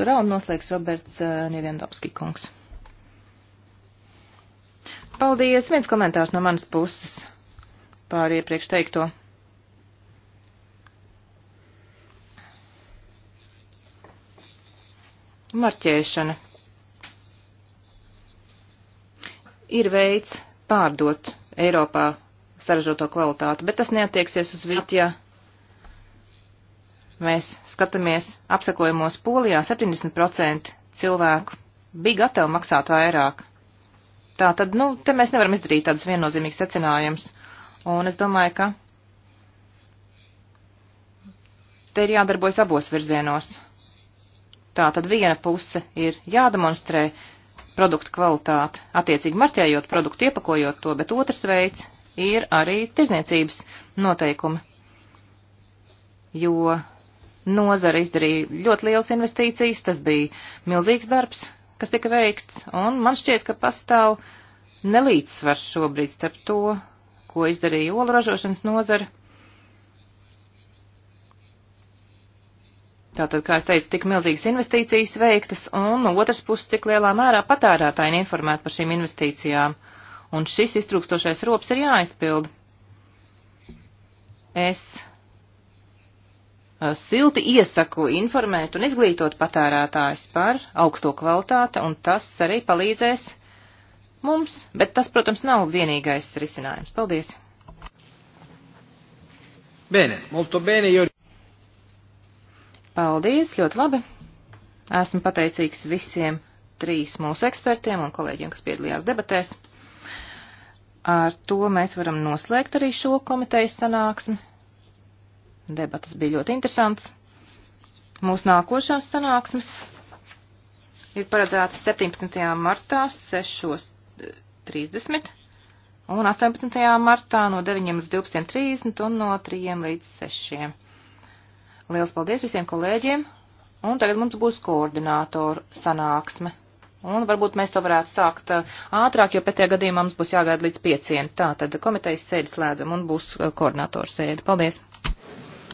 raundu noslēgs Roberts uh, Nieviendovski kungs. Paldies! Viens komentārs no manas puses pār iepriekš teikto. Marķēšana ir veids pārdot Eiropā saražoto kvalitāti, bet tas neatieksies uz vietu, ja mēs skatāmies apsakojumos Polijā 70% cilvēku bija gatavi maksāt vairāk. Tā tad, nu, te mēs nevaram izdarīt tādus viennozīmīgus secinājumus. Un es domāju, ka te ir jādarbojas abos virzienos. Tā tad viena puse ir jādemonstrē produktu kvalitāti, attiecīgi marķējot produktu, iepakojot to, bet otrs veids ir arī tirzniecības noteikumi, jo nozara izdarīja ļoti liels investīcijas, tas bija milzīgs darbs, kas tika veikts, un man šķiet, ka pastāv nelīdzsvars šobrīd starp to, ko izdarīja olu ražošanas nozara. Tātad, kā es teicu, tik milzīgas investīcijas veiktas, un no otras puses, cik lielā mērā patērētāji ir informēti par šīm investīcijām. Uh, un šis iztrūkstošais rops ir jāaizpild. Es eh, silti iesaku informēt un izglītot patērētājs par augsto kvalitāti, un tas arī palīdzēs mums, bet tas, protams, nav vienīgais risinājums. Paldies! Bene, molto bene, jo. Paldies, ļoti labi. Esmu pateicīgs visiem trīs mūsu ekspertiem un kolēģiem, kas piedalījās debatēs. Ar to mēs varam noslēgt arī šo komitejas sanāksmi. Debatas bija ļoti interesants. Mūsu nākošās sanāksmes ir paredzētas 17. martā 6.30 un 18. martā no 9 līdz 12.30 un no 3 līdz 6. Liels paldies visiem kolēģiem! Un tagad mums būs koordinātoru sanāksme. Un varbūt mēs to varētu sākt uh, ātrāk, jo pētajā gadījumā mums būs jāgaida līdz pieciem. Tā tad komitejas sēdi slēdzam un būs uh, koordinātors sēdi. Paldies!